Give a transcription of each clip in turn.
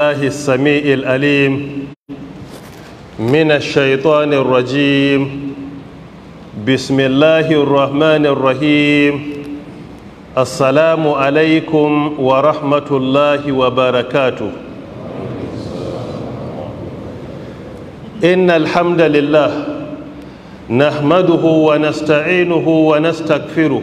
الله السميع الأليم من الشيطان الرجيم بسم الله الرحمن الرحيم السلام عليكم ورحمة الله وبركاته إن الحمد لله نحمده ونستعينه ونستغفره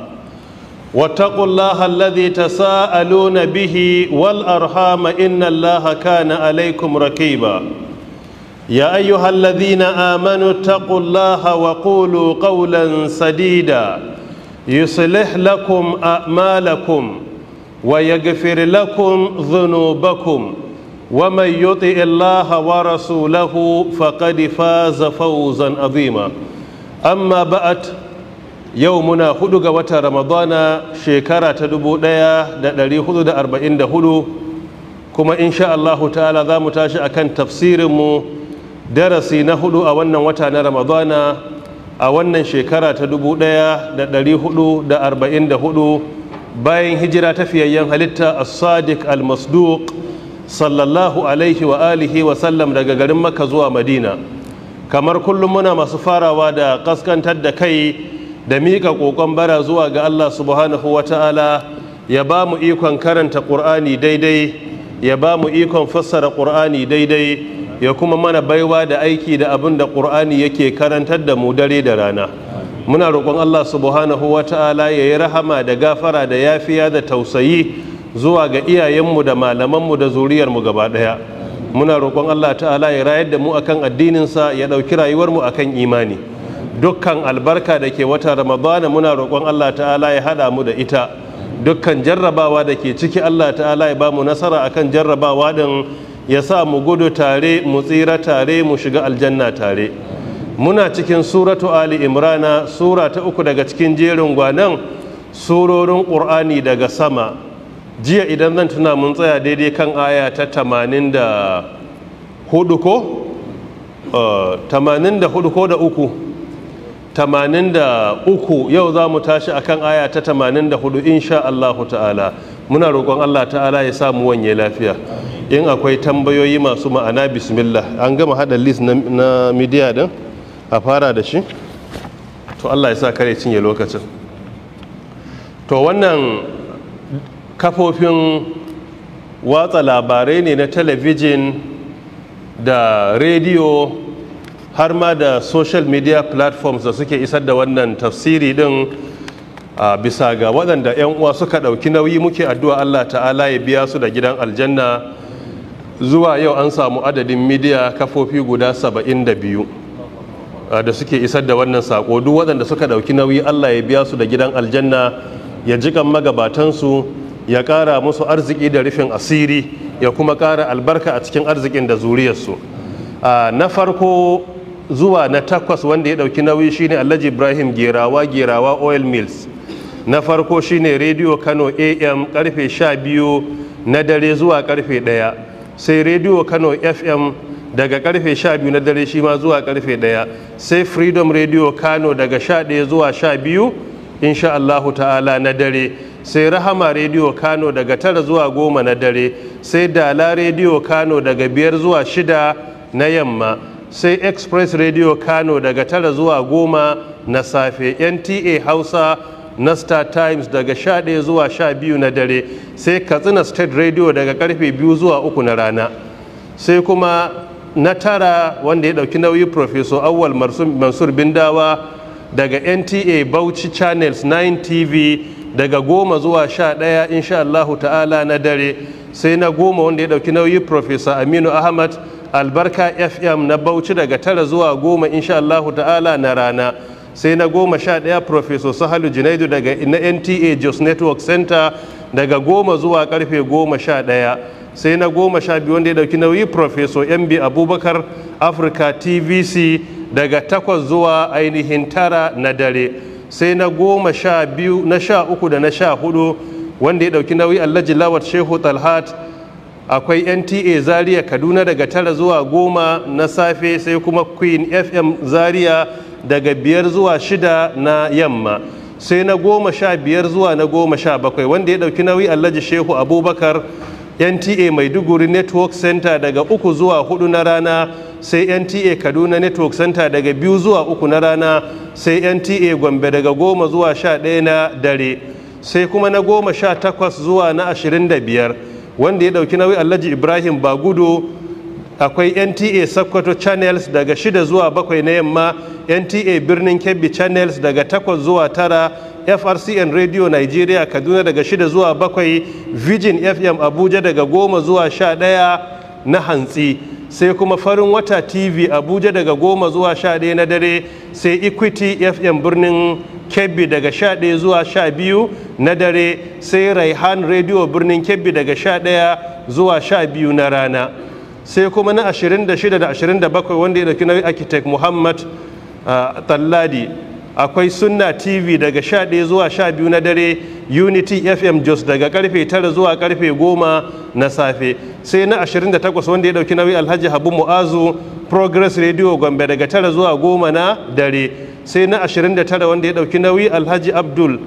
واتقوا الله الذي تساءلون به والأرحام إن الله كان عليكم ركيبا يا أيها الذين آمنوا اتقوا الله وقولوا قولا سديدا يصلح لكم أعمالكم ويغفر لكم ذنوبكم ومن يطئ الله ورسوله فقد فاز فوزا عظيما أما بأت yau muna hudu ga watan ramadana shekara ta 1444 kuma insha Allahu ta'ala za mu tashi kan tafsirinmu darasi na hudu a wannan wata na ramadana a wannan shekara ta 1444 bayan hijira ta fiyayyen halitta as-sadiq al-masduq sallallahu alaihi wa alihi wa sallam daga garin makka zuwa madina kamar kullum muna masu farawa da kaskantar da kai da miƙa ƙoƙon bara zuwa ga Allah subhanahu wa ta'ala ya ba mu ikon karanta ƙur'ani daidai ya ba mu ikon fassara ƙur'ani daidai ya kuma mana baiwa da aiki da abin da ƙur'ani yake karantar da mu dare da rana muna roƙon Allah subhanahu wa ta'ala ya yi rahama da gafara da yafiya da tausayi zuwa ga iyayenmu da malamanmu da zuriyarmu gaba ɗaya muna roƙon Allah ta'ala ya rayar da mu akan addininsa ya ɗauki rayuwarmu akan imani dukkan albarka da ke wata ramadana muna roƙon allah ta'ala ya haɗa mu da ita dukkan jarrabawa da ke ciki allah ta'ala ya ba mu nasara akan jarrabawa ɗin ya sa mu gudu tare mu tsira tare mu shiga aljanna tare muna cikin suratu ali imrana sura ta uku daga cikin jerin gwanan surorin ƙur'ani daga sama jiya idan zan tuna mun tsaya daidai kan aya ta tamanin da hudu ko eh, tamanin da hudu ko da uku 83 yau za mu tashi akan aya ta 84 insha Allah ta'ala muna roƙon Allah ta'ala ya sa mu wanye lafiya in akwai tambayoyi masu ma'ana bismillah an gama hada list na, media midiya din a fara da shi to Allah ya sa kare cinye lokacin to wannan kafofin watsa labarai ne na talabijin da rediyo har ma da social media platforms da suke isar da wannan tafsiri din a bisa ga waɗanda 'yan uwa suka ɗauki nauyi muke addu'a Allah ta'ala ya biya su da gidan aljanna zuwa yau an samu adadin midiya kafofi guda 72 da suke isar da wannan sako duk waɗanda suka ɗauki nauyi Allah ya biya su da gidan aljanna ya magabatan su ya ƙara musu arziki da rufin asiri ya kuma ƙara albarka a cikin arzikin da zuriyarsu na farko zuwa na takwas wanda ya dauki nauyi shine alhaji ibrahim gerawa gerawa oil mills na farko shine Radio kano am karfe 12 na dare zuwa karfe 1 sai Radio kano fm daga karfe 12 na dare shi ma zuwa karfe 1 sai freedom radio kano daga 11 zuwa 12 insha Allahu ta'ala na dare sai rahama radio kano daga 9 zuwa 10 na dare sai dala radio kano daga 5 zuwa 6 na yamma sai express radio kano daga tara zuwa goma na safe nta hausa na star times daga 11 zuwa biyu na dare sai katsina state radio daga karfe biyu zuwa uku na rana sai kuma na tara wanda ya dauki nauyi professor awwal mansur bindawa daga nta bauchi channels 9 tv daga goma zuwa sha ɗaya insha Allahu ta'ala na dare sai na goma wanda ya dauki nauyi Profesa Aminu Ahmad albarka fm na bauchi daga tara zuwa goma insha allahu ta'ala na rana sai na goma sha ɗaya professor sahalu junaidu daga na nta jos network center daga goma zuwa karfe goma sha daya. sai na goma sha biyu wanda ya ɗauki nauyi professor mb abubakar africa tvc daga takwas zuwa ainihin tara na dare sai na goma sha biyu na sha uku da na sha hudu wanda ya ɗauki nauyi alhaji lawat shehu talhat akwai nta zaria kaduna daga tara zuwa goma na safe sai kuma queen fm zaria daga biyar zuwa shida na yamma sai na goma sha biyar zuwa na goma sha bakwai wanda ya dauki nauyi alhaji shehu abubakar nta maiduguri network center daga uku zuwa hudu na rana sai nta kaduna network center daga biyu zuwa uku na rana sai nta gombe daga goma zuwa sha ɗaya na dare sai kuma na goma sha takwas zuwa na ashirin da biyar wanda ya dauki nauyi alhaji ibrahim bagudo akwai nta sakkwato channels daga shida zuwa bakwai na yamma nta birnin kebbi channels daga takwas zuwa tara frcn radio nigeria kaduna daga shida zuwa bakwai virgin fm abuja daga goma zuwa sha daya na hantsi sai kuma farin wata tv abuja daga goma zuwa sha ɗaya na dare sai equity fm birnin kebbi daga sha ɗaya zuwa sha biyu na dare sai raihan rediyo birnin kebbi daga sha ɗaya zuwa sha biyu na rana sai kuma na 26 da 27 wanda ya dauki na architect muhammad talladi akwai sunna tv daga 11 zuwa 12 na dare unity fm jos daga karfe 9 zuwa karfe 10 na safe sai na 28 wanda ya dauki nauyi alhaji habu mu'azu progress radio gombe daga 9 zuwa 10 na dare sai na 29 wanda ya ɗauki nauyi alhaji abdul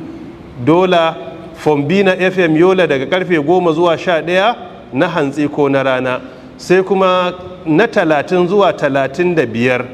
dola fombina fm yola daga karfe 10 zuwa 11 na hantsi ko na rana sai kuma na 30 zuwa 35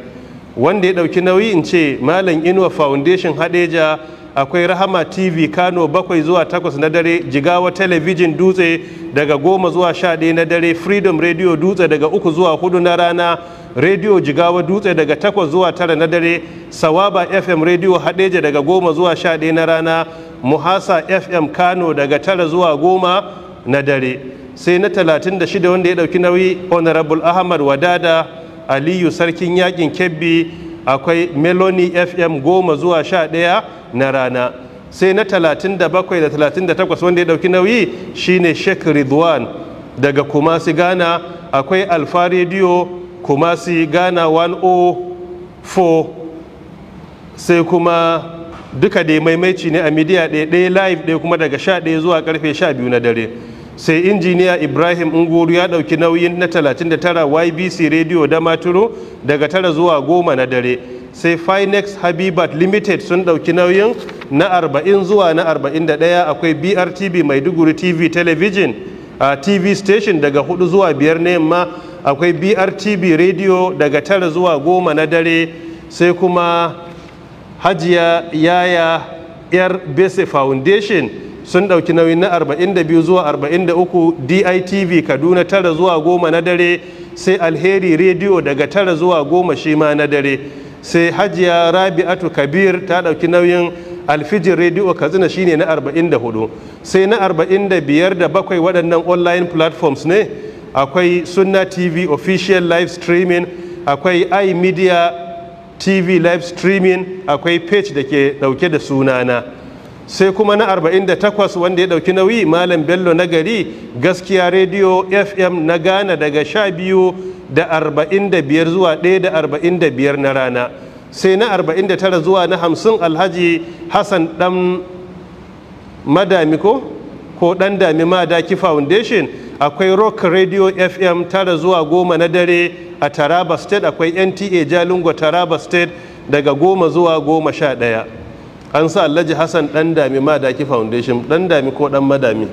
wanda ya ɗauki nauyi in ce malam inuwa foundation hadeja akwai rahama tv kano bakwai zuwa takwas na dare jigawa talabijin dutse daga goma zuwa sha ɗaya na dare freedom radio dutse daga uku zuwa hudu na rana radio jigawa dutse daga takwas zuwa tara na dare sawaba fm radio hadeja daga goma zuwa sha ɗaya na rana muhasa fm kano daga tara zuwa goma na dare sai na talatin da shida wanda ya ɗauki nauyi honorable ahmad wadada aliyu sarkin yakin kebbi akwai meloni fm goma zuwa sha ɗaya na rana sai na 37 da 38 wanda ya ɗauki nauyi shine sheikh ridwan daga kumasi ghana akwai alfa rediyo kumasi ghana 104 sai kuma duka dai maimaici ne a midiya daya ɗaya live ɗaya kuma daga sha 11 zuwa karfe 12 na dare sai injiniya ibrahim unguru ya dauki nauyin na 39 ybc radio da maturu daga tara zuwa goma na dare sai finex habibat limited sun dauki nauyin na 40 zuwa na 41 akwai brtb maiduguri tv television a tv station daga 4 zuwa biyar na yamma akwai brtb radio daga tara zuwa goma na dare sai kuma hajiya yaya yar bese foundation sun ɗauki nauyin na 42 zuwa 43 ditv kaduna tara zuwa goma na dare sai alheri rediyo daga tara zuwa goma shi ma na dare sai hajiya rabi'atu kabir ta ɗauki nauyin alfijin rediyo katsina shine na 44 sai na 45 da bakwai waɗannan online platforms ne akwai sunna tv official live streaming akwai imedia tv live streaming akwai page da ke ɗauke da sunana sai kuma na 48 wanda ya dauki nauyi malam bello na gari gaskiya rediyo fm na ghana daga 12 da 45 zuwa 1 da 45 na rana sai na 49 zuwa na 50 alhaji hassan dan madamiko ko ko dan dami madaki foundation akwai rock radio fm 9 zuwa 10 na dare a taraba state akwai nta jalingo taraba state daga 10 zuwa 11 an sa alhaji hassan dan dami madaki foundation dan dami ko dan madami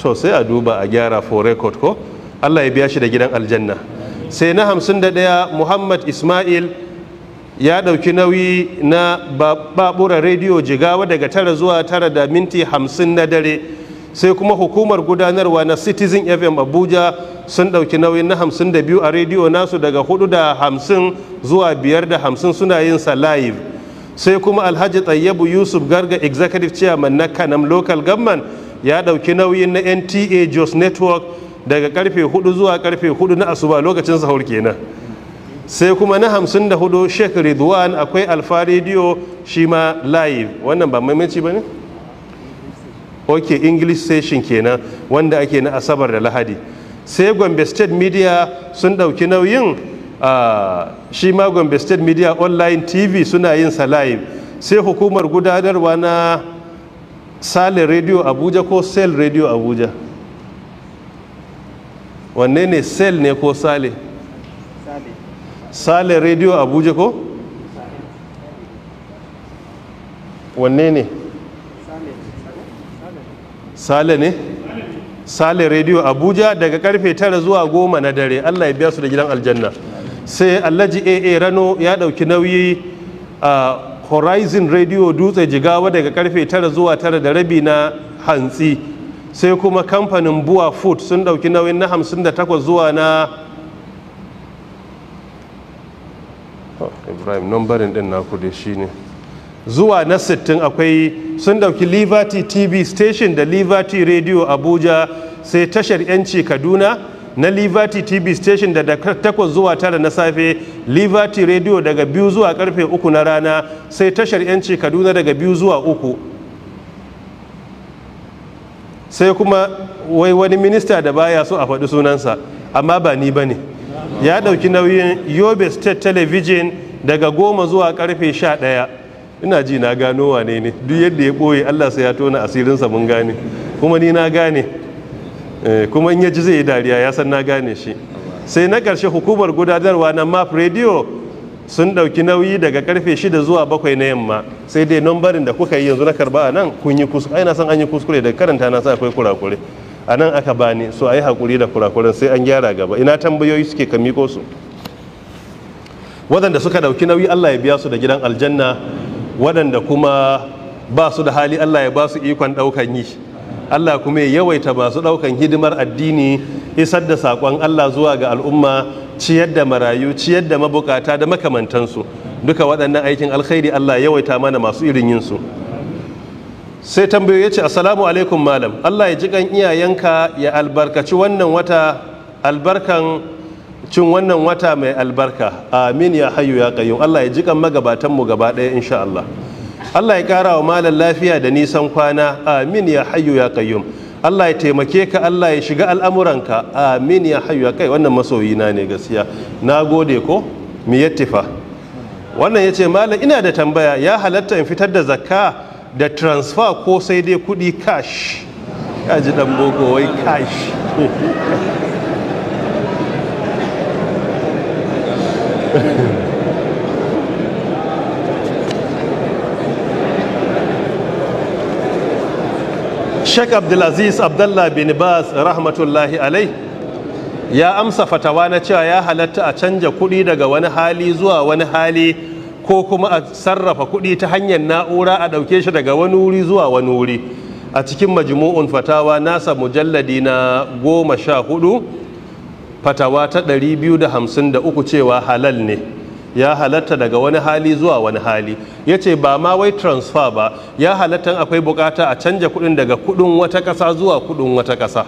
to sai a duba a gyara for record ko allah ya biya shi da gidan aljanna sai na hamsin muhammad ismail ya dauki nauyi na babura rediyo jigawa daga tara zuwa tara da minti hamsin na dare sai kuma hukumar gudanarwa na citizen fm abuja sun dauki nauyi na hamsin a rediyo nasu daga hudu da hamsin zuwa biyar da hamsin suna yin sa live sai kuma alhaji tsayyabu yusuf garga executive chairman na kanam local government ya ɗauki nauyin na nta jos network daga karfe 4 zuwa karfe 4 na asuba lokacin sahur kenan sai kuma na 54 sheikh ridwan akwai alfa radio shi ma live wannan ba maimaci ba ne? ok english station kenan wanda ake na asabar da lahadi sai gombe state media sun ɗauki nauyin shi ma gombe state media online tv suna yin sa live sai hukumar gudanarwa na sale radio abuja ko sel radio abuja wanne ne sel ne ko sale sale radio abuja ko wanne ne sale ne sale radio abuja daga karfe 9 zuwa 10 na dare allah ya biya su da gidan aljanna sai alhaji aa rano ya dauki nauyi a horizon radio dutse jigawa daga karfe 9 zuwa 9 da rabi na hantsi sai kuma kamfanin buwa food sun dauki nauyin na 58 zuwa na oh, ibrahim nambarin ɗin naku shi ne zuwa na 60 akwai sun dauki liberty tv station da liberty radio abuja sai tashar yanci kaduna na liberty tv station da takwas zuwa tara na safe liberty radio daga biyu zuwa karfe uku na rana sai tashar yanci kaduna daga biyu zuwa uku sai kuma wai wani minista da baya so a faɗi sunansa amma ba ni ba ne ya ɗauki nauyin yobe state television daga goma zuwa karfe sha ɗaya ina ji na gano wane ne duk yadda ya ɓoye allah sai ya tona asirinsa mun gane kuma ni na gane Eh, kuma in ya ji zai yi dariya ya san na gane shi sai na ƙarshe hukumar gudanarwa na map radio sun ɗauki nauyi daga karfe 6 zuwa 7 na yamma sai dai nambarin da kuka yi yanzu na karba a nan kun yi kuskure ai na san an yi kuskure da karanta na sa akwai kurakure a nan aka bani so a yi haƙuri da kurakuren sai an gyara gaba ina tambayoyi suke ka miko su waɗanda suka ɗauki nauyi allah ya biya su da gidan aljanna waɗanda kuma ba su da hali allah ya ba su ikon ɗaukan yi Allah kuma ya yawaita masu ɗaukan hidimar addini isar da saƙon Allah zuwa ga al'umma ciyar da marayu ciyar da mabukata da makamantansu duka waɗannan aikin alkhairi Allah yawaita mana masu irin yin su sai tambayo ya ce assalamu alaikum malam Allah ya ji iyayenka ya albarkaci wannan wata albarkan cin wannan wata mai albarka amin ya hayu ya qayyum Allah ya ji kan magabatanmu gaba ɗaya insha Allah Allah ya ƙara wa malam lafiya da nisan kwana amin ya hayyu ya kayyum Allah ya taimake ka Allah ya shiga al'amuranka amin ya hayyu ya kai wannan masoyina ne gaskiya na gode ko mi yattifa wannan ya ce malam ina da tambaya ya halatta in fitar da zakka da transfer ko sai dai kuɗi cash ya ji dan boko wai cash Sheikh Abdulaziz Abdullah bin Bas rahmatullahi alai ya amsa fatawa na cewa ya halatta a canja kuɗi daga wani hali zuwa wani hali ko kuma a sarrafa kuɗi ta hanyar na'ura a ɗauke shi daga wani wuri zuwa wani wuri a cikin majmu'un fatawa nasa mujalladi na goma sha hudu fatawa ta 253 cewa halal ne ya halatta daga wani hali zuwa wani hali ya ce ba ma wai transfer ba ya halatta akwai bukata a canja kudin daga kudin wata kasa zuwa kudin wata kasa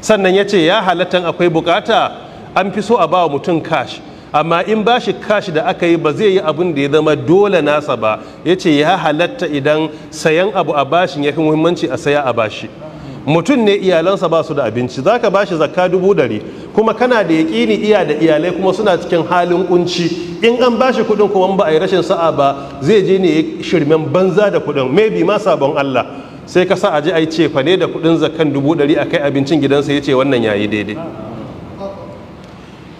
sannan ya ce ya halatta akwai bukata an fi so a ba mutum cash amma in ba shi kashi da aka yi ba zai yi abin da ya zama dole nasa ba ya ce ya halatta idan sayan abu a bashin ya fi muhimmanci a saya a bashi mutum ne iyalansa ba su da abinci za ka ba shi zakka dubu ɗari kuma kana da yaƙini iya da iyalai kuma suna cikin halin kunci in an ba shi kuɗin kuma ba a yi rashin sa'a ba zai je ne shirmen banza da kuɗin maybe ma sabon Allah sai ka sa a ji a yi cefa ne da kuɗin zakan dubu ɗari a kai abincin gidansa ya ce wannan yayi daidai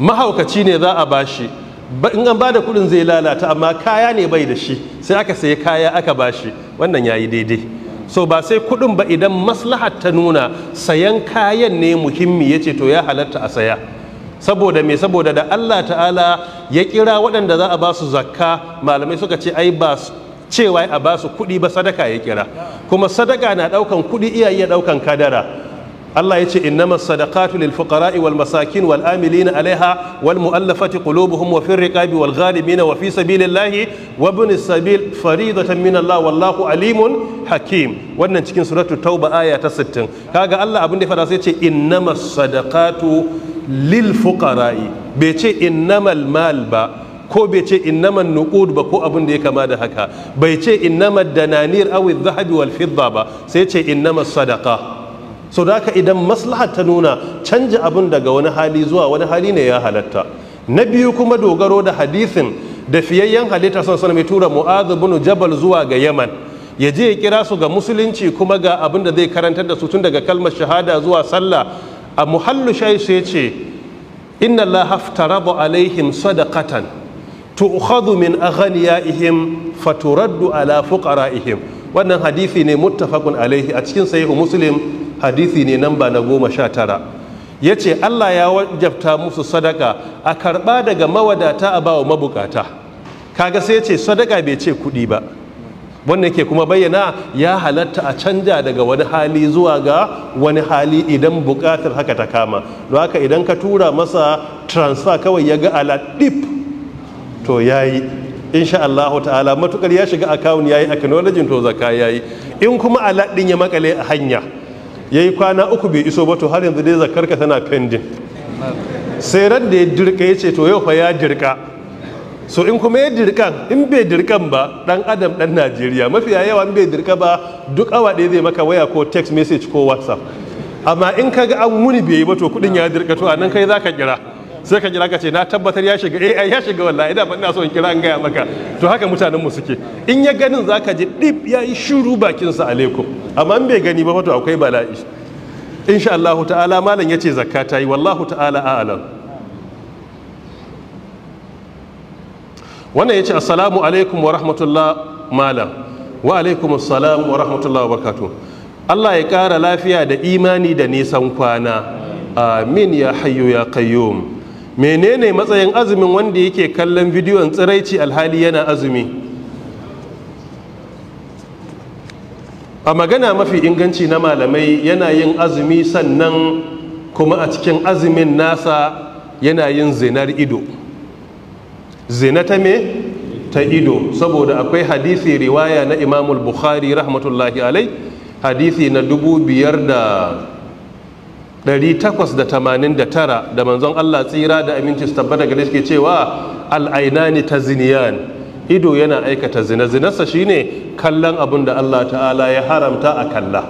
mahaukaci ne za a bashi in an bada kuɗin zai lalata amma kaya ne bai da shi sai aka sayi kaya aka bashi wannan yayi daidai so ba sai kudin ba idan maslahar ta nuna sayan kayan ne muhimmi ya ce to ya halatta a saya saboda me saboda da Allah ta'ala ya kira waɗanda za a ba su zakka malamai suka ce ai ba cewa a ba su kuɗi ba sadaka ya kira kuma sadaka na ɗaukan kuɗi iya iya ɗaukan kadara Allah ya ce innama sadaqatu lil fuqara'i wal masakin wal amilina alaiha wal mu'allafati qulubuhum wa fir riqabi wal ghalimina wa fi sabilillahi wa ibn Allah wallahu alimun hakim wannan cikin suratu tauba aya ta 60 kaga Allah abin da ya fada sai ce innama sadaqatu lil fuqara'i bai ce innamal mal ba ko bai ce innaman nuqud ba ko abin da ya kama da haka bai ce innamad dananir aw adh-dhahabi wal fidda ba sai ce nama sadaka. so da haka idan maslahar ta nuna canja abin daga wani hali zuwa wani hali ne ya halatta na biyu kuma dogaro da hadisin da fiyayyen halitta sun sanar mai tura mu'adu bin jabal zuwa ga yaman ya je ya kira su ga musulunci kuma ga abin da zai karantar da su tun daga kalmar shahada zuwa sallah a muhallu su ya ce inna allaha aftarada alaihim sadaqatan tu'khadhu min aghniyaihim faturaddu ala fuqaraihim wannan hadisi ne muttafaqun alaihi a cikin sahihu muslim hadisi ne nan na goma sha tara ya ce allah ya wajabta musu sadaka a karɓa daga mawadata a bawa mabukata kaga sai ya ce sadaka bai ce kuɗi ba wannan ke kuma bayyana ya halatta a canja daga wani hali zuwa ga wani hali idan bukatar haka ta kama don haka idan ka tura masa transfer kawai ya ga dip to yayi insha Allah ta'ala matukar ya shiga account yayi acknowledging to ya yi. in kuma din ya makale a hanya ya yi kwana uku bai iso ba to har yanzu dai zakarka tana pending sai ran da ya dirka ya ce to yau fa ya dirka so in kuma ya dirka in bai dirkan ba dan adam dan najeriya mafiya yawa in bai dirka ba duk awa ɗaya zai maka waya ko text message ko whatsapp amma in kaga an wuni bai yi ba to kudin ya dirka to a nan kai ka kira sai ka jira ka ce na tabbatar ya shiga eh ya shiga wallahi da ina so in kira an gaya maka to haka mutanen mu suke in ya ganin zaka ji dip yayi shiru bakin sa alaikum amma in bai gani ba to akwai bala'i insha Allah ta'ala malam yace zakka tayi wallahu ta'ala a'lam wannan ya ce assalamu alaikum wa rahmatullah malam wa alaikum assalam wa rahmatullah wa barakatuh Allah ya kara lafiya da imani da nisan kwana amin ya hayyu ya qayyum menene matsayin azumin wanda yake kallon bidiyon tsiraici alhali yana azumi a magana mafi inganci na malamai yana yin azumi sannan kuma a cikin azumin nasa yana yin zinar ido zina ta me ta ido saboda akwai hadisi riwaya na imamul bukhari rahmatullahi alai hadisi na dubu biyar da 889 da manzon Allah tsira da aminci su tabbata gare shi cewa cewa al'ainani ta ziniyan ido yana aikata zina zinarsa shine kallon abin da Allah ta'ala ya haramta a kalla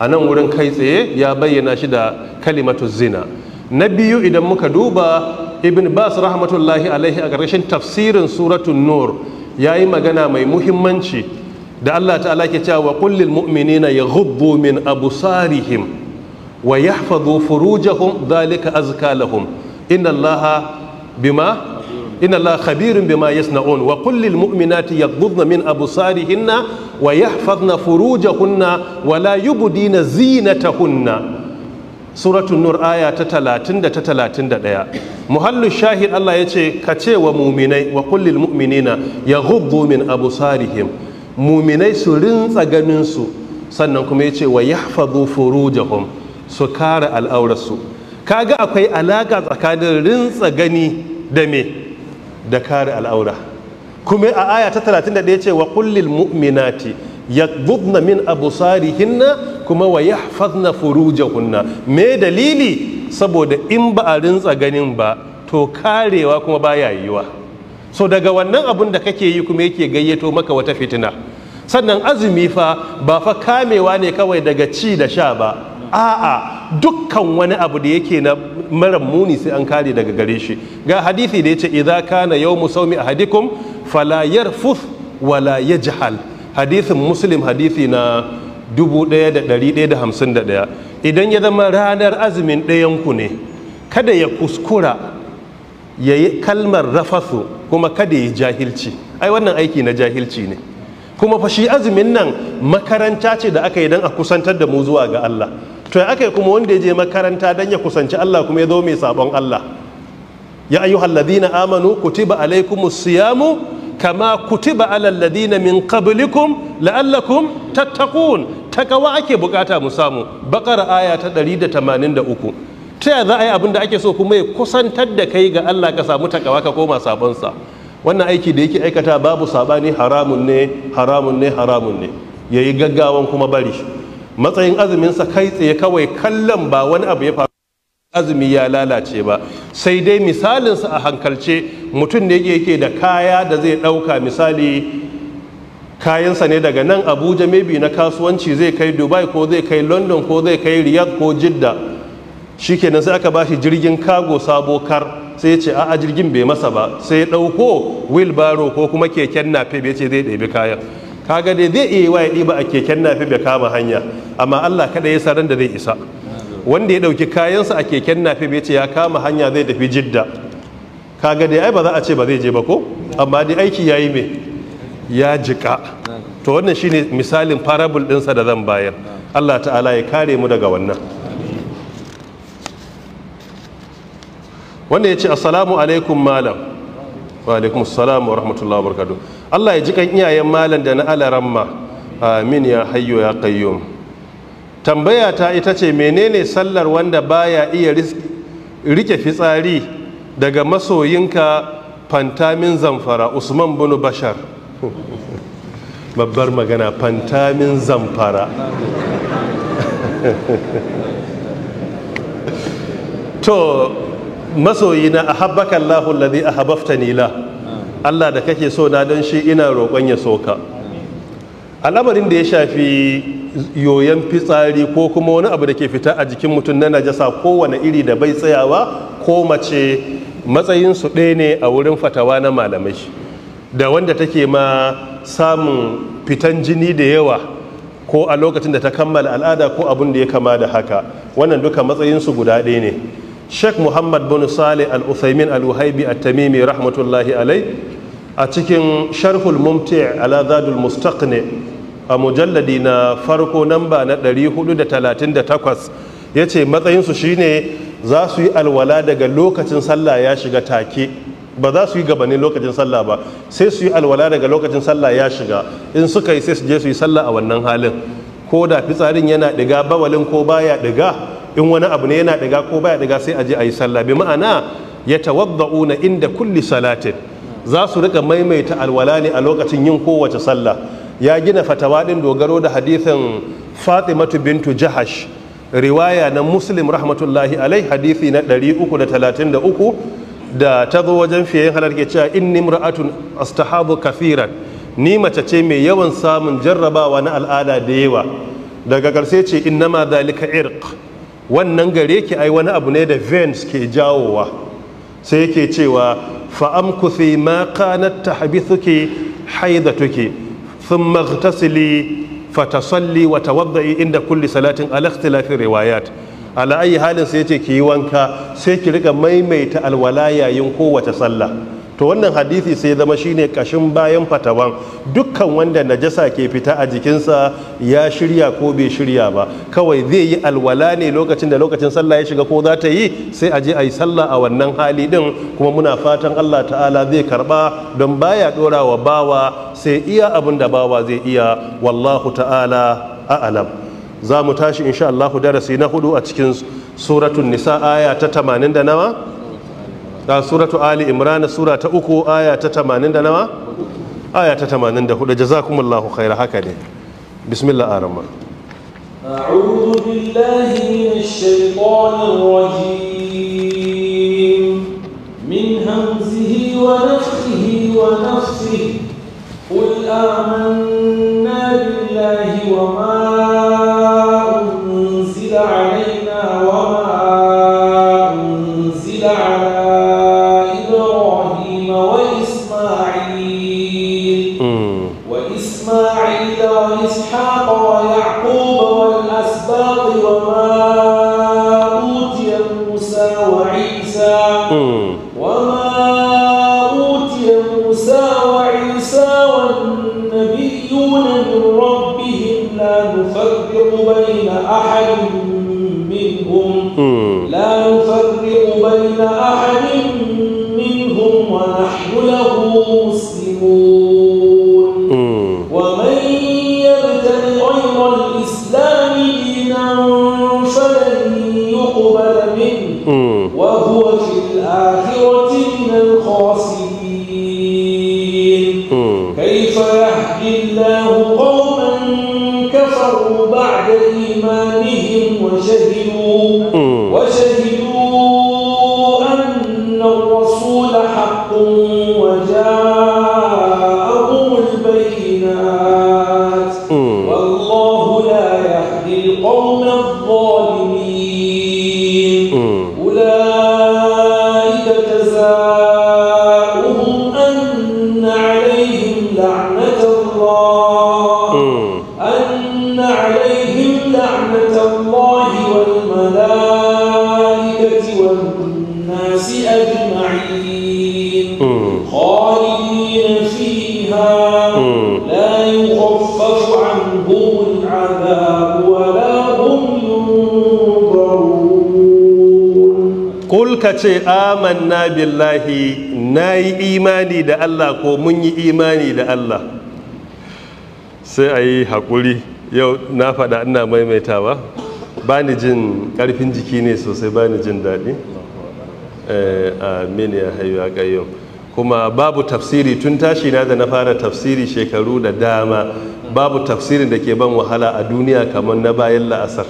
a nan wurin kai tsaye ya bayyana shi da kalimatu zina na biyu idan muka duba ibn bas rahmatullahi alaihi a ƙarshen tafsirin suratun nur ya yi magana mai muhimmanci da Allah ta'ala ke cewa kullil mu'minina ya min abu-sarihim. wa yahfazu furujahum dhalika azka lahum inna allaha bima inna khabirun bima yasnaun wa qul lil mu'minati yaghdudna min absarihinna wa yahfazna furujahunna wa la yubdina zinatahunna suratun nur aya ta talatin da ta talatin da ɗaya Muhallin shahid Allah ya ce ka ce wa muminai wa kullil mu'minina ya hubbu min abusarihim muminai su rintsa su sannan kuma ya ce wa yahfadhu furujahum su kare al'aurarsu kaga akwai alaka tsakanin rintsa gani da me da kare al'aura kuma a aya ta 31 ce wa kullil mu'minati gudna min abu hinna kuma wa furuja kunna? me dalili saboda in ba a rintsa ganin ba to karewa kuma baya yiwa so daga wannan abun da kake yi kuma yake gayyato maka wata fitina sannan azumi fa ba fa kamewa ne kawai daga ci da sha ba a'a dukkan wani abu da yake na mara muni sai an kare daga gare shi ga hadisi da ya yace idza kana yawmu sawmi ahadikum fala yarfuf wala yajhal hadisin muslim hadisi na 1151 idan ya zama ranar azumin ɗayan ku ne kada ya kuskura ya yi kalmar rafasu kuma kada ya jahilci ai wannan aiki na jahilci ne kuma fa shi azumin nan makaranta ce da aka yi don a kusantar da mu zuwa ga Allah to ya aka kuma wanda ya je makaranta don ya kusanci Allah kuma ya zo mai sabon Allah ya ayyuhal ladina amanu kutiba alaikum siyamu kama kutiba alal ladina min qablikum la'allakum tattaqun takawa ake bukata mu samu bakara aya ta 183 ta ya za a yi abin da ake so kuma ya kusantar da kai ga Allah ka samu takawa ka koma sabonsa wannan aiki da yake aikata babu sabani haramun ne haramun ne haramun ne yayi gaggawan kuma bari matsayin azumin sa kai tsaye kawai kallon ba wani abu ya faru azumi ya lalace ba sai dai misalinsa a hankalce mutum ne yake da kaya da zai ɗauka misali kayansa ne daga nan abuja maybe na kasuwanci zai kai dubai ko zai kai london ko zai kai riyadh ko jidda shikenan sai aka bashi jirgin kago sabo kar sai ya ce a'a jirgin bai masa ba sai ya ɗauko wheelbarrow ko kuma keken nafe bai ce zai ɗebi kayan kaga dai zai iya yi ba a keken nafi bai kama hanya amma Allah kada ya saran da zai isa wanda ya ɗauki kayansa a keken nafi bai ce ya kama hanya zai tafi jidda kaga dai ai ba za a ce ba zai je ba ko amma dai aiki yayi me ya jika to wannan shine misalin parable sa da zan bayar Allah ta'ala ya kare mu daga wannan wanda ya ce assalamu alaikum malam wa alaikum assalamu wa rahmatullahi wa barakatuh Allah ya ji kan iyayen malam da na alaramma amin ya hayyo ya qayyum tambaya ta ita ce menene sallar wanda baya iya rike fitsari daga masoyinka fantamin zamfara usman bin bashar babbar magana fantamin zamfara to masoyina ahabbaka Allahu alladhi ahabbtani la Allah da kake so na don shi ina roƙon ya soka al'amarin da ya shafi yoyon fitsari ko kuma wani abu da ke fita a jikin mutum na najasa kowane iri da bai tsayawa ko mace matsayinsu ɗaya ne a wurin fatawa na malamai da wanda take ma samun fitan jini da yawa ko a lokacin da ta kammala al'ada ko abin da ya kama da haka wannan duka matsayinsu guda ɗaya ne sheikh muhammad bin sale al-uthaymin al-uhaibi at-tamimi rahmatullahi alai a cikin sharhul mumti ala zadul mustaqni a mujalladi na farko namba na 438 ya ce matsayinsu shine za su yi alwala daga lokacin sallah ya shiga take ba za su yi gabanin lokacin sallah ba sai su yi alwala daga lokacin sallah ya shiga in suka yi sai su je su yi sallah a wannan halin ko da fitsarin yana diga bawalin ko baya diga in wani abu ne yana diga ko baya diga sai a je a yi sallah bi ma'ana ya tawadda'una inda kulli salatin za su rika maimaita alwala ne a lokacin yin kowace sallah ya gina fatawa dogaro da hadithin fatimatu bintu jahash riwaya na muslim rahmatullahi alai hadithi na 333 da ta zo wajen fiye halar ke cewa inni Atun astahabu kafiran ni mace ce mai yawan samun jarrabawa na al'ada da yawa daga karshe ce innama zalika irk. wannan gare ki ai wani abu ne da veins ke jawowa sai yake cewa فأمكثي ما كانت تحبثك حيضتك ثم اغتسلي فتصلي وتوضئي عند كل صلاة على اختلاف الروايات على أي حال سيتي كي وانكا سيكي لك ميميت الولايا ينكو وتصلى to wannan hadisi sai zama shine kashin bayan fatawan dukkan wanda najasa ke fita a jikinsa ya shirya ko bai shirya ba kawai zai yi alwala ne lokacin da lokacin sallah ya shiga ko za ta yi sai a je a yi sallah a wannan hali din kuma muna fatan Allah ta'ala zai karba don baya dora wa bawa sai iya abin da bawa zai iya wallahu ta'ala a'lam za mu tashi insha Allah darasi na hudu a cikin suratul nisa aya ta 80 da nawa ta suratu ali imran sura ta uku aya ta tamanin da nawa aya ta tamanin da hudu jazakumullahu khaira haka ne bismillah arama أعوذ بالله من الشيطان الرجيم من همزه ونفخه ونفسه قل آمنت ce amanna billahi na yi imani da Allah ko mun yi imani da Allah sai a yi haƙuri yau na faɗa ina maimaitawa ba ni jin ƙarfin jiki ne sosai ba ni jin daɗi eh, amin a kuma babu tafsiri tun tashi na da na fara tafsiri shekaru da dama babu tafsirin da ke ban wahala a duniya kamar na bayan la'asar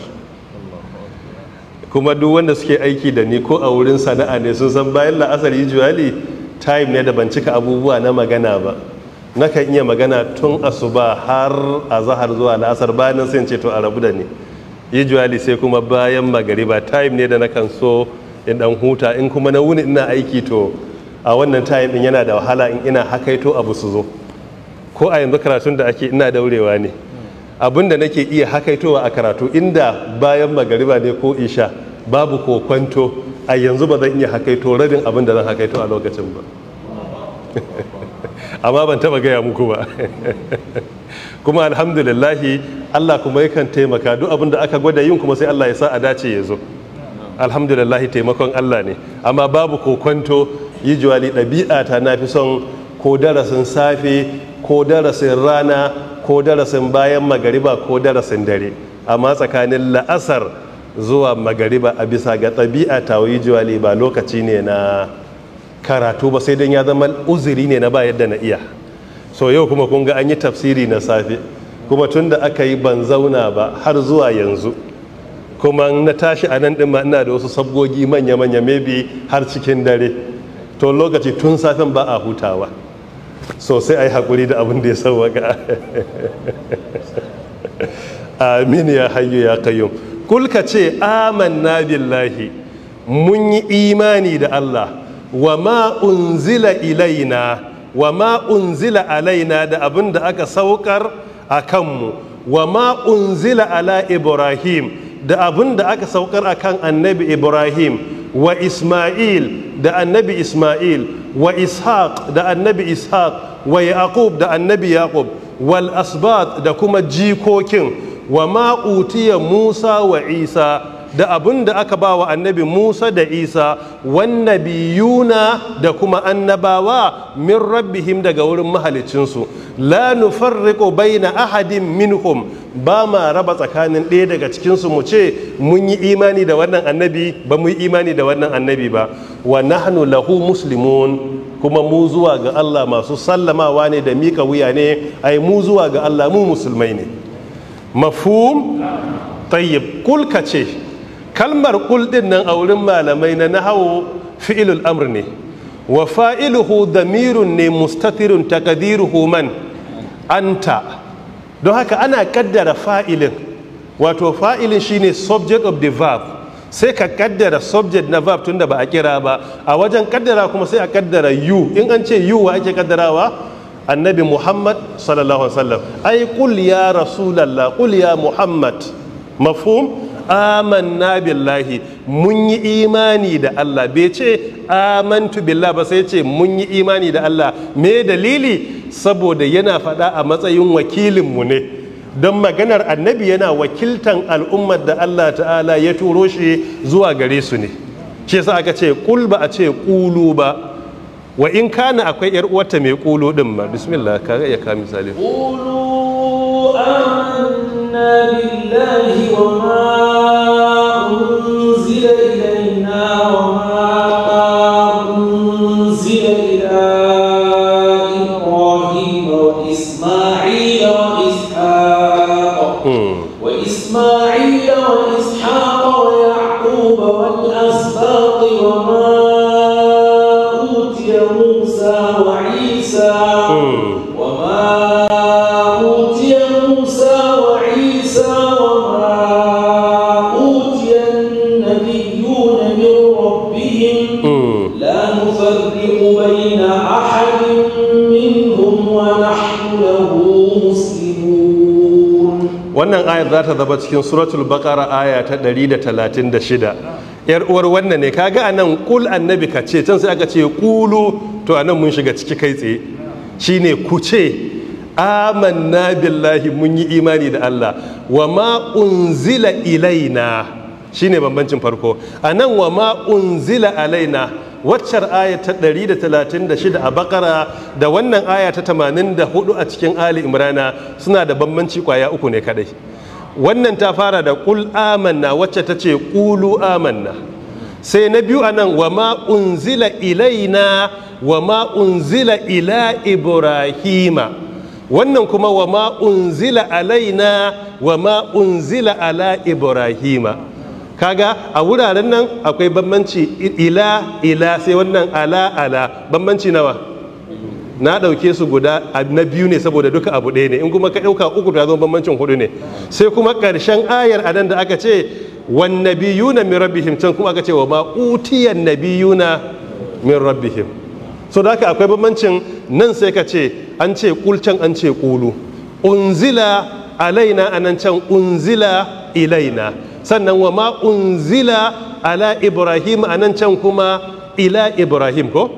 kuma duk wanda suke aiki da ni ko a wurin sana'a ne sun san bayan la'asar yi juwali, time ne da ban cika abubuwa na magana ba Na kan iya magana tun asuba har a zahar zuwa la'asar bayan sai ce to a rabu da ni Yi juwali sai kuma bayan magariba time ne da na kan so in dan huta in kuma na wuni ina aiki to a wannan time din yana da wahala in ina hakaito abu su zo ko a yanzu karatun da ake ina daurewa ne da nake iya hakaitowa a karatu inda bayan magariba ne ko isha babu kokwanto a yanzu ba zan iya hakaito rabin abin da zan hakaito a lokacin ba amma ban taba gaya muku ba kuma alhamdulillahi Allah kuma yakan taimaka duk abin da aka gwada yin kuma sai Allah ya sa a dace ya zo alhamdulillahi taimakon Allah ne amma babu kokwanto yi juwali ɗabi'a ta na fi son ko darasin safe ko darasin rana ko darasin bayan magariba ko darasin dare amma tsakanin la'asar zuwa magariba a bisa ga ɗabi'a tawayi juwali ba lokaci ne na karatu ba sai don ya zama uzuri ne na ba yadda na iya so yau kuma kun ga an yi tafsiri na safe kuma tun da aka yi ban zauna ba har zuwa yanzu kuma na tashi a nan ɗin ina da wasu sabgogi manya-manya maybe har cikin dare to lokaci tun safen ba a hutawa so sai a yi haƙuri da abin da ya sauwaka amin ya hayyu ya kayyum kulka ce aman na billahi mun yi imani da Allah wa ma ilaina wa ma unzila alaina da abin da aka saukar a kanmu wa ma ala ibrahim da abin da aka saukar a kan annabi ibrahim wa ismail da annabi isma'il wa ishaq da annabi ishaq wa yaqub da annabi yaqub wal asbat da kuma jikokin wa ma'utiya musa wa isa da abin da aka ba wa annabi Musa da Isa wannabiyuna da kuma annabawa min rabbihim daga wurin mahalicinsu la nufarriqu baina ahadin minhum ba ma raba tsakanin ɗaya daga cikinsu mu ce mun yi imani da wannan annabi ba mu yi imani da wannan annabi ba wa nahnu lahu muslimun kuma mu zuwa ga Allah masu sallamawa ne da mika wuya ne ai mu zuwa ga Allah mu musulmai ne mafhum tayyib kulka ce kalmar kul ɗin nan a wurin malamai na nahawo fi'ilul amr ne wa fa'iluhu damirun ne mustatirun takadiruhu man anta don haka ana kaddara fa'ilin wato fa'ilin shine subject of the verb sai ka kaddara subject na verb tunda ba a kira ba a wajen kaddara kuma sai a kaddara yu in an ce you wa ake kaddarawa annabi muhammad sallallahu alaihi wasallam ai kul ya rasulallah kul ya muhammad mafhum amanna billahi mun yi imani da Allah bai ce amantu billahi ba sai ce mun yi imani da Allah me dalili saboda yana faɗa a matsayin wakilin mu ne don maganar annabi yana wakiltan al'ummar da Allah ta'ala ya turo shi zuwa gare su ne ce sa aka ce kul ba a ce kulu ba wa in kana akwai yar uwarta mai kulu din ma bismillah kaga ya ka misali kulu لله وما أنزل إلينا وما wannan ayar za ta zaba cikin suratul baqara aya ta 136 yar uwar wannan ne kaga anan kul annabi ka ce can sai aka ce kulu to anan mun shiga ciki kai tsaye shine ku ce amanna billahi mun yi imani da Allah wa ma unzila ilaina shine bambancin farko anan wa ma unzila alaina waccar aya ta 136 a bakara da wannan aya ta 84 a cikin ali imrana suna da bambanci kwaya uku ne kadai wannan ta fara da kul amanna wacce ta ce kulu amanna sai na biyu anan wa ma unzila ilaina wa ma unzila ila ibrahima wannan kuma wa ma unzila alaina wa ma unzila ala ibrahima kaga a wuraren nan akwai bambanci ila ila sai wannan ala ala bambanci nawa na ɗauke su guda na biyu ne saboda duka abu ɗaya ne in kuma ka ɗauka uku ta zama bambancin hudu ne sai kuma ƙarshen ayar a nan da aka ce wan na min rabbihim can kuma aka ce wa ma utiyan na min rabbihim so da haka akwai bambancin nan sai ka ce an ce kulcan an ce kulu unzila alaina anan can unzila ilaina sannan wa ma unzila ala ibrahim a nan can kuma ila ibrahim ko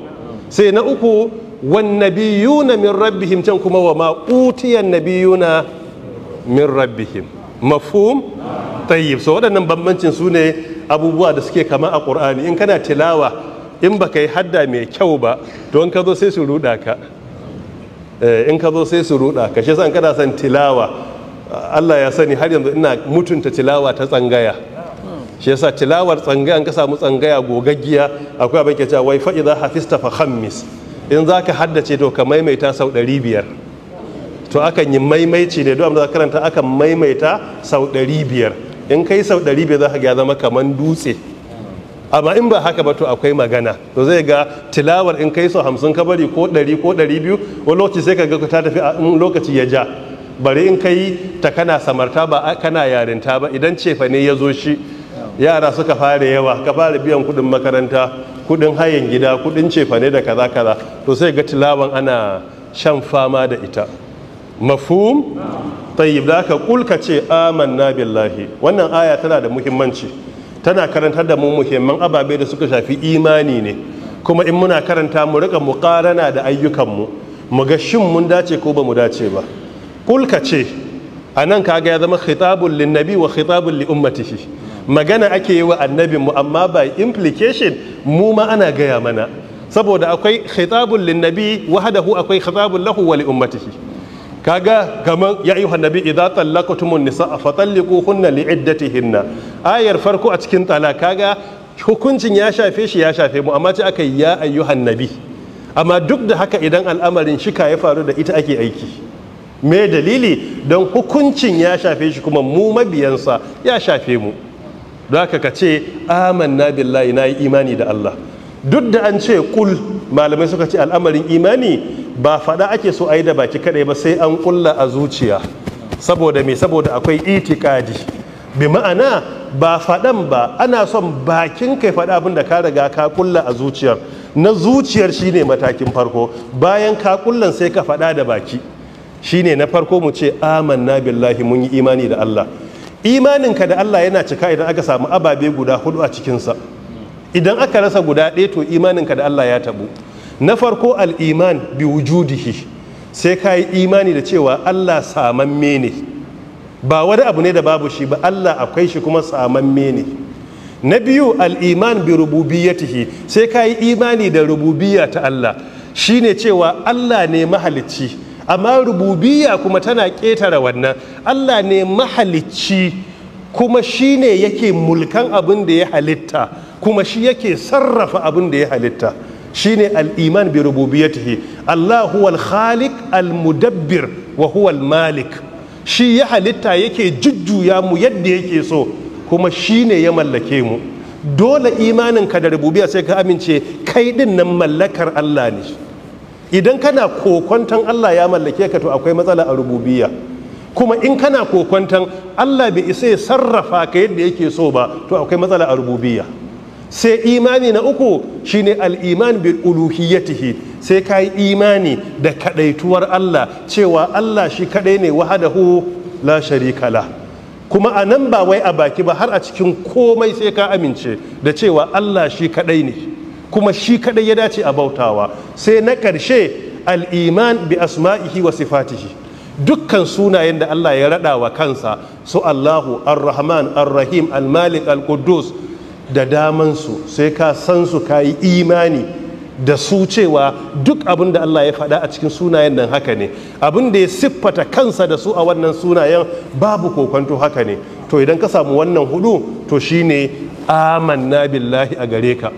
sai na uku wan min rabbihim can kuma wa ma utiyan nabiyuna min rabbihim mafhum tayyib so waɗannan bambancin su ne abubuwa da suke kama a ƙur'ani in kana tilawa in baka yi hadda mai kyau ba to in ka zo sai su ruɗa ka eh, in ka zo sai su ruɗa ka shi san kana son tilawa Allah ya sani har yanzu ina mutunta tilawa ta tsangaya shi yasa tilawar tsangaya ka samu tsangaya gogaggiya akwai abin ke cewa wai fa idza hafista fa khammis in zaka haddace to ka maimaita sau 500 to akan yi maimaici ne don da karanta akan maimaita sau 500 in kai sau 500 zaka ga zama kaman dutse amma in ba haka ba to akwai magana to zai ga tilawar in kai sau 50 ka bari ko 100 ko 200 wani lokaci sai ka ga ta tafi a lokaci ya ja bari in ka yi ta kana samarta ba kana yarinta ba idan cefa ne ya zo shi yara suka fara yawa ka fara biyan kudin makaranta kudin hayan gida kudin cefa ne da kaza kaza to sai ga tilawan ana shan fama da ita mafhum tayyib da ka kulka ce amanna billahi wannan aya tana da muhimmanci tana karantar da mu muhimman ababe da suka shafi imani ne kuma in muna karanta mu rika muqarana da ayyukanmu mu mu ga shin mun dace ko ba mu dace ba kulka ce a nan kaga ya zama khitabun linnabi wa khitabun li ummatihi magana ake yi wa annabin mu amma by implication mu ma ana gaya mana saboda akwai khitabun linnabi wahadahu akwai khitabun lahu wa li ummatihi kaga gaman ya ayyuhan nabi idza tallaqtumun nisaa fatalliquhunna li iddatihinna ayar farko a cikin talaka kaga hukuncin ya shafe shi ya shafe mu amma ce aka yi ya ayu nabi amma duk da haka idan al'amarin shika ya faru da ita ake aiki me dalili don hukuncin ya shafe shi kuma mu mabiyansa ya shafe mu don haka ka ce amanna billahi na yi imani da Allah duk da an ce kul malamai suka ce al'amarin imani ba faɗa ake so a yi da baki kaɗai ba sai an kulla a zuciya saboda me saboda akwai itikadi bi ma'ana ba faɗan ba ana son bakin kai faɗa abin da ka riga ka kulla a zuciyar na zuciyar shine matakin farko bayan ka kullan sai ka faɗa da baki shine na farko mu ce amanna billahi mun yi imani da Allah Imanin ka da Allah yana cika idan aka samu ababe guda hudu a cikinsa idan aka rasa guda ɗaya to imanin ka da Allah ya tabu na farko al'iman bi wujudihi sai ka yi imani da cewa Allah samamme ne ba wani abu ne da babu shi ba Allah akwai shi kuma samamme ne na biyu al'iman bi rububiyatihi sai ka yi imani da rububiya ta Allah shine cewa Allah ne mahalicci amma rububiya kuma tana ƙetare wannan allah ne mahalicci kuma shi ne yake mulkan abin da ya halitta kuma shi yake sarrafa abin da ya halitta shi ne al'iman bi rububiyyatihi allah huwal khaliq al-mudabbir wa huwal malik shi ya halitta yake jujjuya mu yadda yake so kuma shi ne ya mallake mu dole imaninka da rububiya sai ka amince kai din nan mallakar allah ne idan kana kokwantan Allah ya mallake ka to akwai matsala a rububiya. kuma in kana kokwantan Allah bai isa ya sarrafa ka yadda yake so ba to akwai matsala a rububiya. sai imani na uku shine al'iman bi uluhiyyatihi sai ka yi imani da kadaituwar Allah cewa Allah shi kadai ne wahadahu la sharika kuma a nan ba wai a baki ba har a cikin komai sai ka amince da cewa Allah shi kadai ne kuma shi kaɗai ya dace a bautawa sai na ƙarshe al'iman bi asma'ihi wa sifatihi dukkan sunayen da Allah ya raɗa wa kansa su Allahu ar-Rahman ar-Rahim al-Malik al-Quddus da damansu sai ka san su ka yi imani da su cewa duk abin da Allah ya faɗa a cikin sunayen nan haka ne abin da ya siffata kansa da su a wannan sunayen babu kokonto haka ne to idan ka samu wannan hudu to shine amanna billahi a gare ka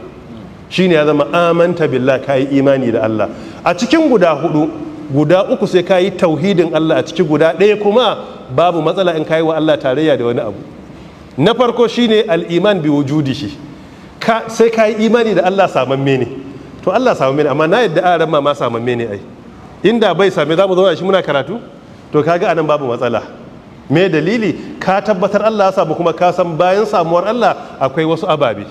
shine ya zama amanta ka yi imani da Allah a cikin guda hudu guda uku sai kayi tauhidin Allah a ciki guda ɗaya kuma babu matsala in kayi wa Allah tarayya da wani abu na farko shine al-iman bi wujudihi ka sai kayi imani da Allah samamme ne to Allah samamme ne amma na yadda aran ma ma samamme ne ai inda bai same za mu zauna shi muna karatu to ga anan babu matsala me dalili ka tabbatar Allah ya samu kuma ka san bayan samuwar Allah akwai wasu ababe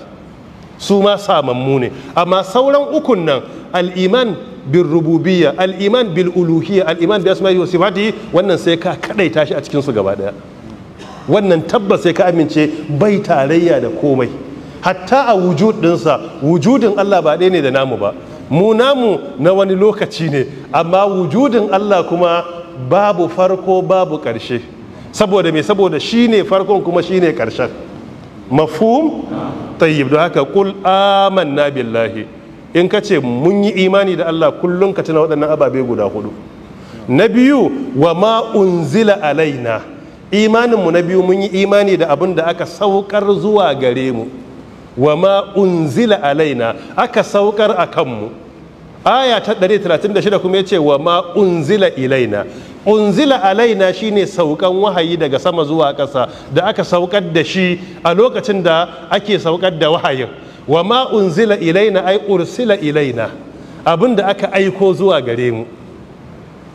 su ma samammu ne amma sauran ukun nan al'iman bil rububiyya al'iman bil uluhiyya al'iman bi asma'i wa sifatihi wannan sai ka kadai tashi a cikin su gaba daya wannan tabbas sai ka amince bai tarayya da komai hatta a wujud dinsa wujudin Allah ba ɗaya ne da namu ba mu namu na wani lokaci ne amma wujudin Allah kuma babu farko babu ƙarshe saboda me saboda shine farkon kuma shine ƙarshen mafhum tayyib don haka kul amanna billahi in ka ce mun yi imani da Allah kullum ka tuna waɗannan ababe guda hudu na biyu wa ma unzila alaina imaninmu na biyu mun yi imani da abin da aka saukar zuwa gare mu wa ma unzila alaina aka saukar a kanmu aya ta 136 kuma ya ce wa ma unzila ilaina unzila alaina shine saukan wahayi daga sama zuwa ƙasa da aka saukar da shi a lokacin da ake saukar da wahayin wa ma unzila ilaina ai ursila ilaina abin da aka aiko zuwa gare mu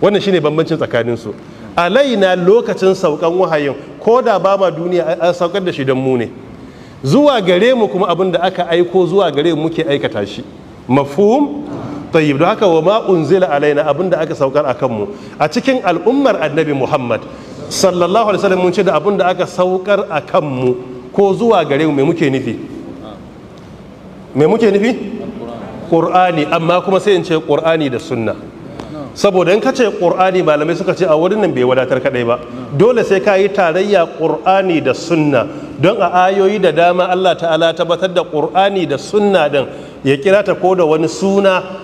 wannan shine bambancin tsakaninsu alaina lokacin saukan wahayin ko da ba ma duniya an saukar da shi don mu ne zuwa gare mu kuma abin da aka aiko zuwa gare mu muke aikata shi mafhum tayyib don haka wa ma unzila alaina abinda aka saukar a kanmu a cikin al'ummar annabi muhammad sallallahu alaihi wasallam mun ce da abinda aka saukar a kanmu ko zuwa gare mu me muke nufi me muke nufi qur'ani amma kuma sai in ce qur'ani da sunna saboda in ka ce qur'ani malamai suka ce a wurin nan bai wadatar kadai ba dole sai ka yi tarayya qur'ani da sunna don a ayoyi da dama Allah ta'ala tabbatar da qur'ani da sunna din ya kira ta ko da wani suna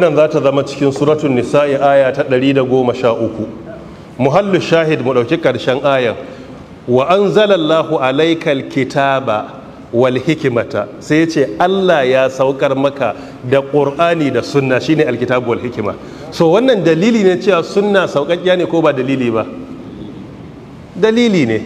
wannan za ta zama cikin suratun nisa'i aya ta 113 muhallu shahid mu ɗauki ƙarshen ayan wa an zalallahu alaikal kitaba wal hikimata sai ya ce Allah ya saukar maka da ƙur'ani da sunna shine alkitabu wal hikima so wannan dalili ne cewa sunna sauƙaƙƙiya ne ko ba dalili ba dalili ne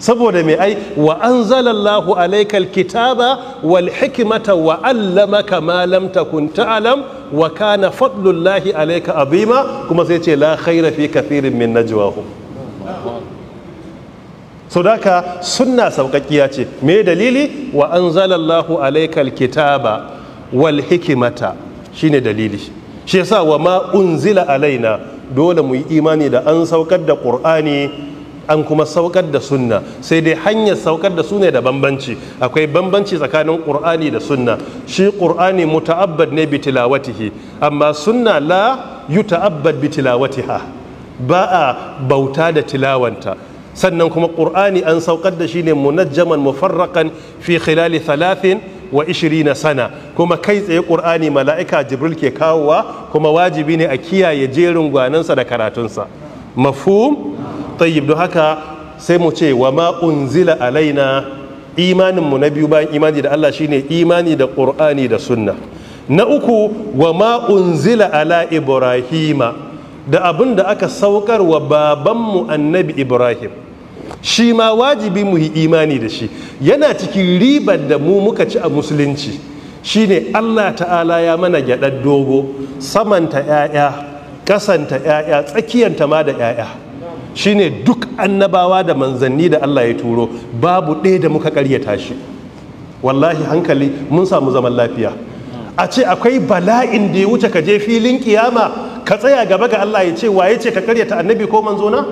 saboda mai ai wa anzalallahu alaikal kitaba wal hikimata wa allama ma lam takun ta'alam wa kana fadlullahi alaika abima kuma sai ce la khaira fi kathirin min najwahum so daka sunna saukakkiya ce me dalili wa an anzalallahu alaikal kitaba wal shi shine dalili shi yasa wa ma unzila alaina dole mu yi imani da an saukar da qur'ani an kuma saukar da sunna sai dai hanyar saukar da su ne da bambanci akwai bambanci tsakanin qur'ani da sunna shi qur'ani muta'abbad ne bi tilawatihi amma sunna la yuta'abbad bi tilawatiha ba a bauta da tilawanta sannan kuma qur'ani an saukar da shi ne munajjaman mufarraqan fi khilali thalathin wa na sana kuma kai tsaye qur'ani mala'ika jibril ke kawowa kuma wajibi ne a kiyaye jerin gwanansa da karatunsa mafhum tayyib don haka sai mu ce wa ma'un zila alaina imaninmu na biyu bayan imani da Allah shine imani da ƙur'ani da sunna na uku wa ma'un zila ala Ibrahim da abin da aka saukar wa babanmu annabi ibrahim shi ma wajibi mu yi imani da shi yana cikin ribar da mu muka ci a musulunci shine allah ta'ala ya mana gyaɗar dogo samanta 'ya'ya kasanta 'ya'ya tsakiyanta ma da 'ya'ya shine duk annabawa da manzanni da Allah ya turo babu ɗaya da muka karyata shi wallahi hankali mun samu zaman lafiya a ce akwai bala'in da ya wuce ka je filin kiyama ka tsaya gaba ga Allah ya ce ya ce ka karyata annabi ko manzona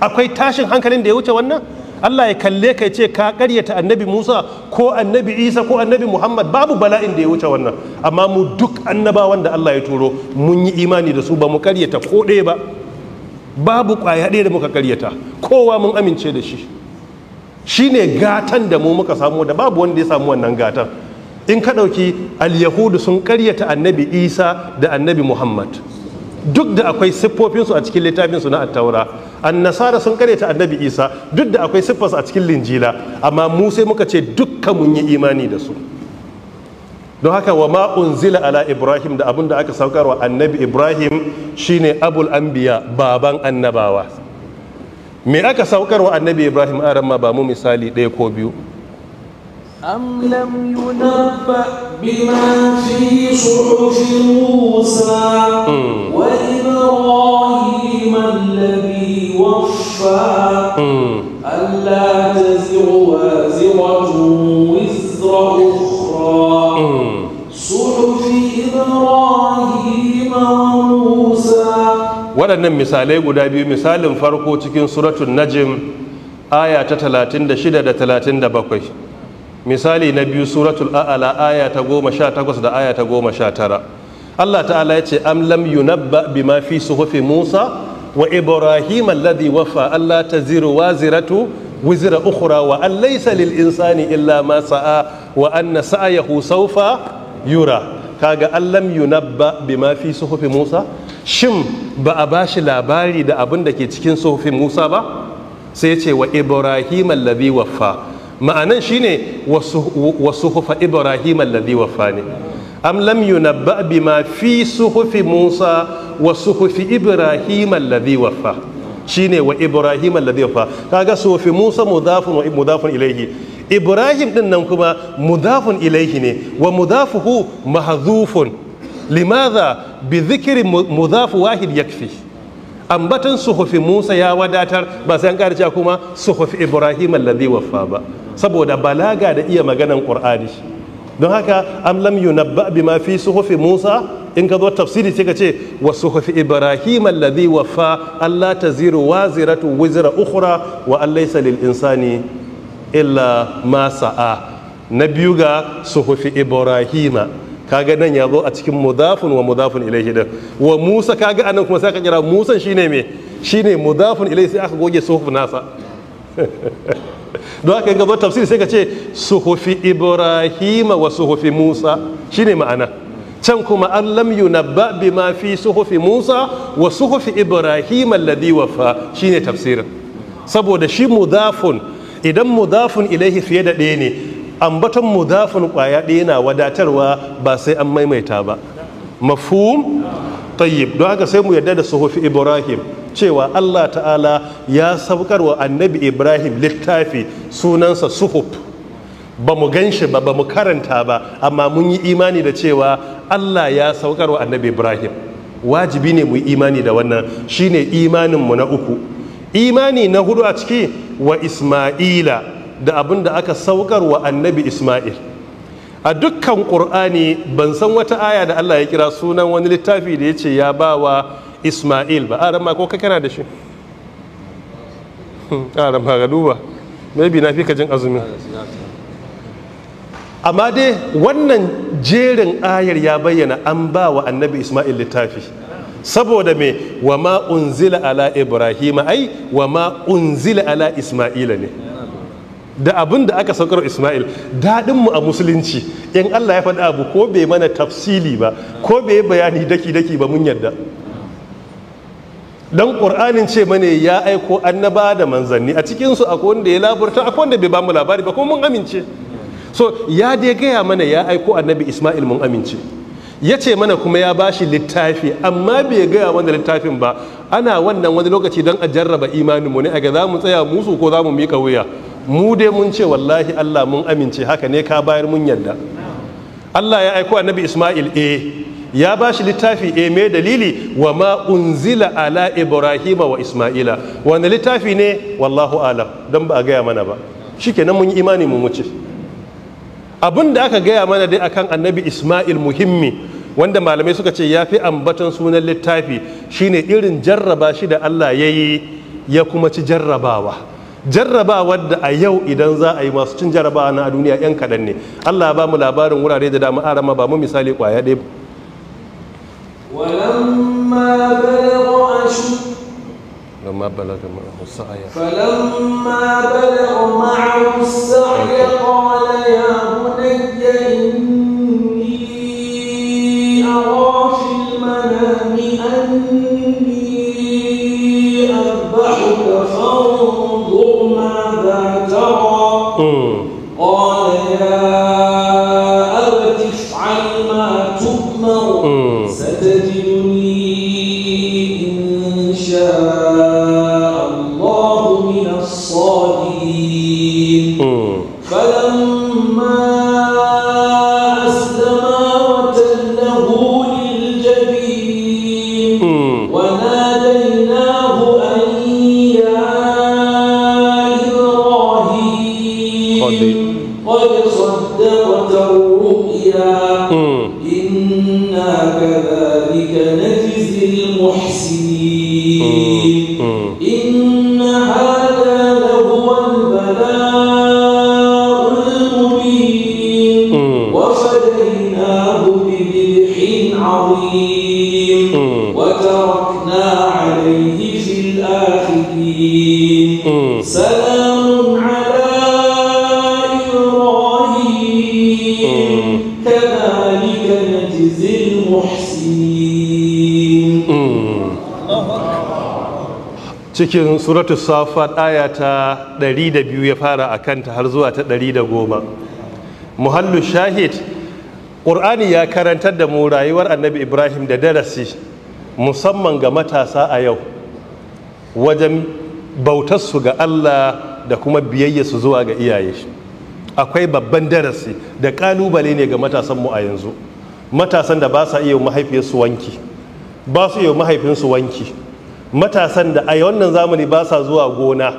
akwai tashin hankalin da ya wuce wannan Allah ya kalle ka ce ka karyata annabi Musa ko annabi Isa ko annabi Muhammad babu bala'in da ya wuce wannan amma mu duk annabawan da Allah ya turo mun yi imani da su ba mu karyata ko ɗaya ba babu kwaya ɗaya da muka karyata kowa mun amince da shi Shi ne gatan da mu muka samu da babu wanda ya samu wannan gatan in ka ɗauki alyahudu sun karyata annabi isa da annabi muhammad duk da akwai siffofinsu a cikin littafinsu na attaura annasara sun karyata annabi isa duk da akwai siffarsu a cikin linjila amma mu sai muka ce dukkan mun yi imani da su don haka wa ma unzila ala ibrahim da abin da aka saukarwa annabi ibrahim shine abul anbiya baban annabawa me aka saukar wa annabi ibrahim aramma ba mu misali ɗaya ko biyu am lam yunabba bima fi suhufi musa mm. wa ibrahim alladhi waffa mm. alla taziru wa ziratu wizra waɗannan misalai guda biyu misalin farko cikin suratun najim aya ta 36 da 37 misali na biyu suratul a'ala aya ta 18 da aya ta 19 Allah ta'ala ya ce am lam yunabba bima fi suhufi Musa wa Ibrahim alladhi wafa Allah taziru waziratu wizra ukhra wa an laysa lil insani illa ma sa'a wa anna sa'yahu sawfa yura kaga allam yunabba bima fi suhufi Musa shin ba a bashi labari da abin da ke cikin sofin musa ba sai ce wa ibrahim allazi waffa ma'anan shine wa suhufa ibrahim allazi waffa ne am lam yunabba bima fi suhufi musa wa suhufi ibrahim allazi waffa shine wa ibrahim allazi waffa kaga suhufi musa mudafun wa mudafun ilaihi ibrahim din nan kuma mudafun ilaihi ne wa mudafuhu mahzufun limadha bi zikirin muzafi wahid yakfi ambatan suhufi Musa ya wadatar ba sai an ƙara cewa kuma suhufi Ibrahim alladhi waffa ba saboda balaga da iya maganan Qur'ani don haka am lam yunabba bima fi suhufi Musa in ka zo tafsiri sai ka ce wa suhufi Ibrahim alladhi waffa Allah taziru waziratu wizra ukhra wa allaysa lil insani illa ma sa'a na biyu ga suhufi Ibrahima kaga nan ya zo a cikin mudafun wa mudafun ilaihi din wa musa kaga anan kuma sai ka kira musan shine me shine mudafun ilaihi sai aka goge suhuf nasa don haka ga zo tafsir sai ka ce suhufi ibrahima wa suhufi musa shine ma'ana can kuma an lam yunabba bima fi suhufi musa wa suhufi ibrahima alladhi wafa shine tafsirin saboda shi mudafun idan mudafun ilaihi fiye da ɗaya ne ambaton zafin kwaya ɗaya na wadatarwa ba sai an maimaita ba mafhum tayyib don haka sai mu yarda da suhufi ibrahim cewa allah ta'ala ya saukar wa annabi ibrahim littafi sunansa suhuf ba mu gan shi ba ba mu karanta ba amma mun yi imani da cewa allah ya saukar wa annabi ibrahim wajibi ne mu yi imani da wannan shine imaninmu na uku imani na hudu a ciki wa isma'ila da abin da aka saukar wa annabi Ismail a dukkan ƙur'ani ban san wata aya da Allah ya kira sunan wani littafi da ya ce ya ba wa Ismail ba a ko ka kana da shi a ma ga duba maybe na fi ka azumi amma dai wannan jerin ayar ya bayyana an ba wa annabi Ismail littafi saboda me wa ma unzila ala Ibrahim, ai wa ma unzila ala isma'ila ne da abin da aka saukar Ismail daɗinmu a musulunci in Allah ya faɗi abu ko bai mana tafsili ba ko bai bayani daki-daki ba mun yadda don ƙur'anin ce mane ya aiko annaba da manzanni a cikinsu akwai wanda ya laburta akwai wanda bai ba mu labari ba kuma mun amince so ya dai gaya mana ya aiko annabi Ismail mun amince ya ce mana kuma ya bashi littafi amma bai gaya wanda littafin ba ana wannan wani lokaci don a jarraba imaninmu ne a ga za mu tsaya musu ko za mu miƙa wuya mu dai mun ce wallahi Allah mun amince haka ne ka bayar mun yadda Allah ya aiko annabi Ismail a eh, ya ba shi littafi eh, e mai dalili wa ma unzila ala Ibrahim wa isma'ila wanda littafi ne wallahu alam don ba a gaya mana ba shikenan mun yi imani mu muce abin da aka gaya mana dai akan annabi isma'il muhimmi wanda malamai suka ce ya fi ambaton sunan littafi shine irin jarraba shi da allah ya yi ya kuma ci jarrabawa jarraba wadda a yau idan za a yi masu cin jarrabawa na duniya 'yan kaɗan ne allah ba mu labarin wurare da dama arama ba mu misali kwaya ɗaya ba. cikin suratu safat ɗaya ta 102 ya fara a kanta har zuwa ta 110 muhallu shahid ƙur'ani ya karantar da mu rayuwar annabi ibrahim da darasi musamman ga matasa a yau wajen bautarsu ga allah da kuma biyayyarsu zuwa ga iyaye akwai babban darasi da ƙalubale ne ga matasanmu a yanzu matasan da ba sa iya mahaifiyarsu iya mahaifinsu wanki matasan da a wannan zamani ba sa zuwa gona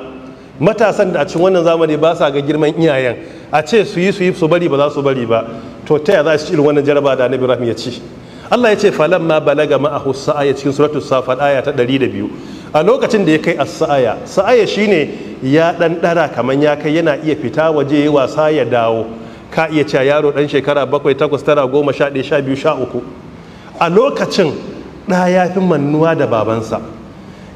matasan da a cikin wannan zamani ba sa ga girman iyayen a ce su yi su yi su bari ba za su bari ba to ta za su ci irin wannan jaraba da annabi rahim ya ci Allah ya ce Falan ma balaga ma a a sa'aya cikin suratu safat aya ta 102 a lokacin da ya kai as-sa'aya sa'aya shine ya dan dara kaman ya kai yana iya fita waje ya wasa ya dawo ka iya cewa yaro dan shekara 7 8 9 10 11 12 13 a lokacin da ya fi mannuwa da babansa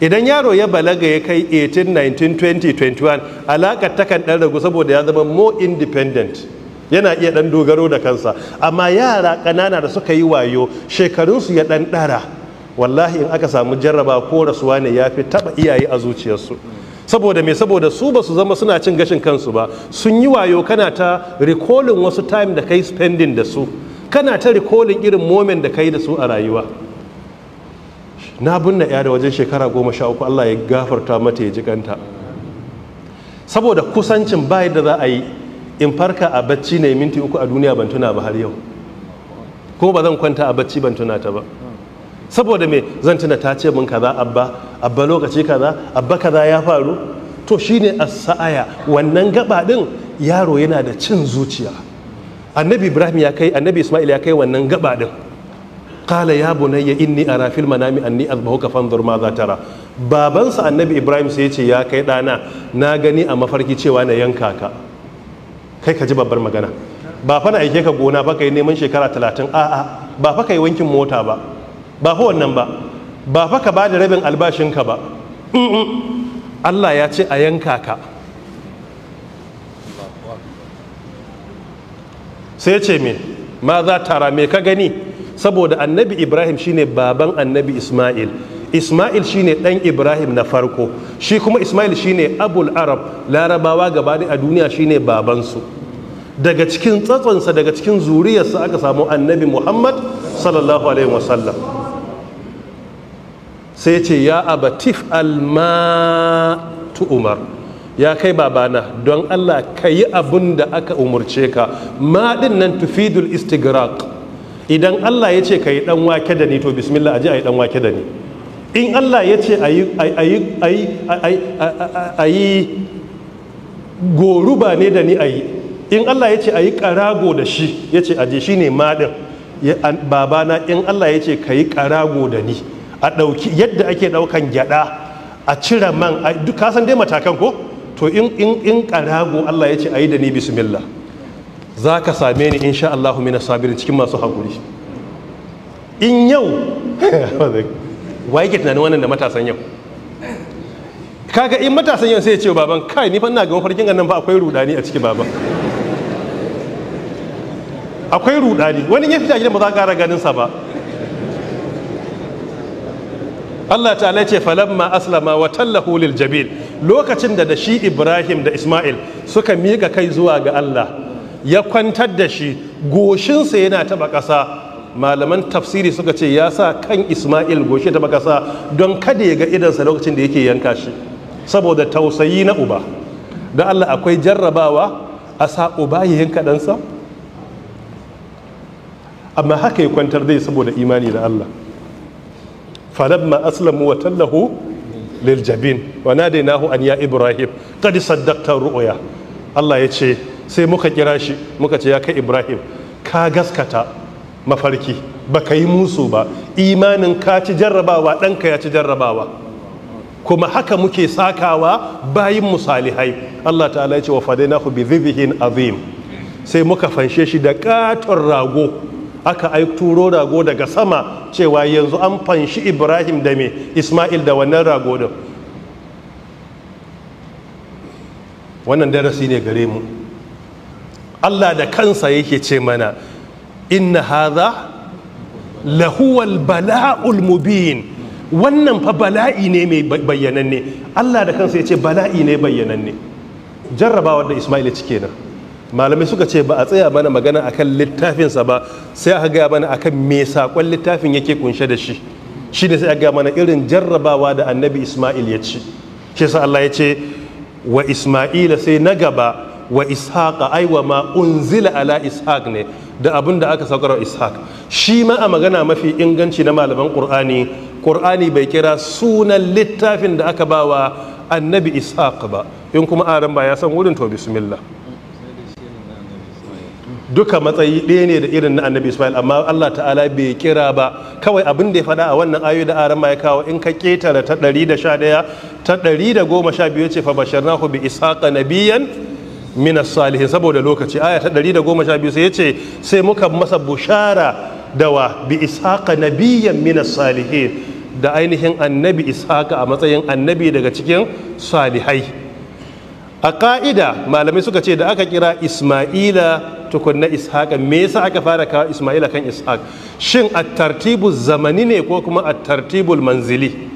idan yaro ya balaga ya kai 18 19 21 alakar takan ɗan ragu saboda ya zama more independent yana iya ɗan dogaro da kansa amma yara ƙanana da suka yi wayo shekarunsu ya ɗan ɗara wallahi in aka samu jarraba ko rasuwa ne ya fi taɓa iyaye a zuciyarsu saboda me saboda su ba su zama suna cin gashin kansu ba sun yi wayo kana ta recalling wasu time da kai spending da su kana ta recalling irin moment da kai da su a rayuwa na binne ya da wajen shekara goma sha uku allah ya gafarta mata ya jikanta saboda kusancin bayan da za a yi in farka a bacci ne minti uku a duniya ban tuna ba har yau ko ba zan kwanta a bacci ban tuna ta ba saboda me zan tuna ta ce min kaza abba abba lokaci kaza abba kaza ya faru to shine a saaya wannan gaba din yaro yana da cin zuciya annabi ibrahim ya kai annabi isma'il ya kai wannan gaba din qala ya ya inni ara fil manami anni azbahuka fanzur ma za tara babansa annabi ibrahim sai ce ya kai ɗana na gani a mafarki cewa na yanka ka kai ka ji babbar magana ba fa na aike ka gona ba kai neman shekara talatin a ba fa kai wankin mota ba ba fa wannan ba ba fa ka bada rabin albashinka ba Allah ya ce a yanka ka sai ce me ma za tara me ka gani saboda annabi ibrahim shine baban annabi ismail ismail shine dan ibrahim na farko shi kuma ismail shine abul arab larabawa gaba a duniya shine babansu daga cikin tsatsonsa daga cikin zuriyarsa aka samu annabi muhammad sallallahu alaihi wasallam sai ce ya abatif almatu umar ya kai babana don allah ka yi abin da aka umarce ka maɗin nan tufidul istigraq idan Allah ya ce ka yi dan wake da ni to bismillah aji a yi dan wake da ni in Allah ya ce a yi goruba ne da ni a yi in Allah ya ce a yi ƙarago da shi ya ce aje shi ne maɗin babana in Allah ya ce ka yi ƙarago da ni a ɗauki yadda ake ɗaukan gyaɗa a cire man a duk kasan dai matakan ko to in ƙarago Allah ya ce a yi da ni bismillah za ka same ni in sha Allah mina sabirin cikin masu haƙuri in yau wa yake tunanin wannan da matasan yau kaga in matasan yau sai ya ce baban kai ni fa ina ga mafarkin nan ba akwai rudani a ciki baban akwai rudani wani ya fita gidan ba za ka ganin sa ba Allah ta'ala ce falamma aslama wa tallahu lil jabil lokacin da da shi Ibrahim da Ismail suka miƙa kai zuwa ga Allah ya kwantar da shi goshinsa yana taba ƙasa malaman tafsiri suka ce ya sa kan ismail goshi taba ƙasa don kada ya ga idansa lokacin da yake yanka shi saboda tausayi na uba da allah akwai jarrabawa a sa uba ya yanka ɗansa amma haka ya kwantar dai saboda imani da allah ma aslamu wa tallahu liljabin wa nadainahu an ya ibrahim qad saddaqta ru'ya Allah ya ce sai muka kira shi muka ce ya kai ibrahim ka gaskata mafarki ba ka yi musu ba imanin ka ci jarrabawa ɗanka ya ci jarrabawa kuma haka muke sakawa bayin musalihai allah ta'ala ya ce wa ku bi zibihin azim sai muka fanshe shi da katon rago aka ai turo rago daga sama cewa yanzu an fanshi ibrahim da me ismail da wannan rago din wannan darasi ne gare mu Allah da kansa yake ce mana inna haza lahuwal bala'ul mubin wannan fa bala'i ne mai bayyananne Allah da kansa ya ce bala'i ne bayyananne jarrabawa da Ismail cike nan malamai suka ce ba a tsaya mana magana akan littafinsa ba sai aka gaya mana akan me sakon littafin yake kunshe da shi shi ne sai aka gaya mana irin jarrabawa da annabi Ismail ya ci shi sa Allah ya ce wa isma'ila sai na gaba wa ishaq ai wa ma unzila ala ishaq ne da abin da aka saukar wa ishaq shi ma a magana mafi inganci na malaman qur'ani qur'ani bai kira sunan littafin da aka bawa annabi ishaq ba in kuma aran ba ya san wurin to bismillah duka matsayi ɗaya ne da irin na annabi ismail amma allah ta'ala bai kira ba kawai abin da ya faɗa a wannan ayo da aran ma ya kawo in ka ƙetare ta 111 ta 112 ya ce fa basharnahu bi ishaqa nabiyan Mina salihin saboda lokaci aya ta 112 sai yace sai muka masa bushara dawa bi ishaqa nabiyyan mina salihin da ainihin annabi ishaqa a matsayin annabi daga cikin salihai a ka'ida malamai suka ce da aka kira isma'ila tukunna ishaqa me yasa aka fara kawo isma'ila kan ishaq shin at-tartibu zamani ne ko kuma at-tartibul manzili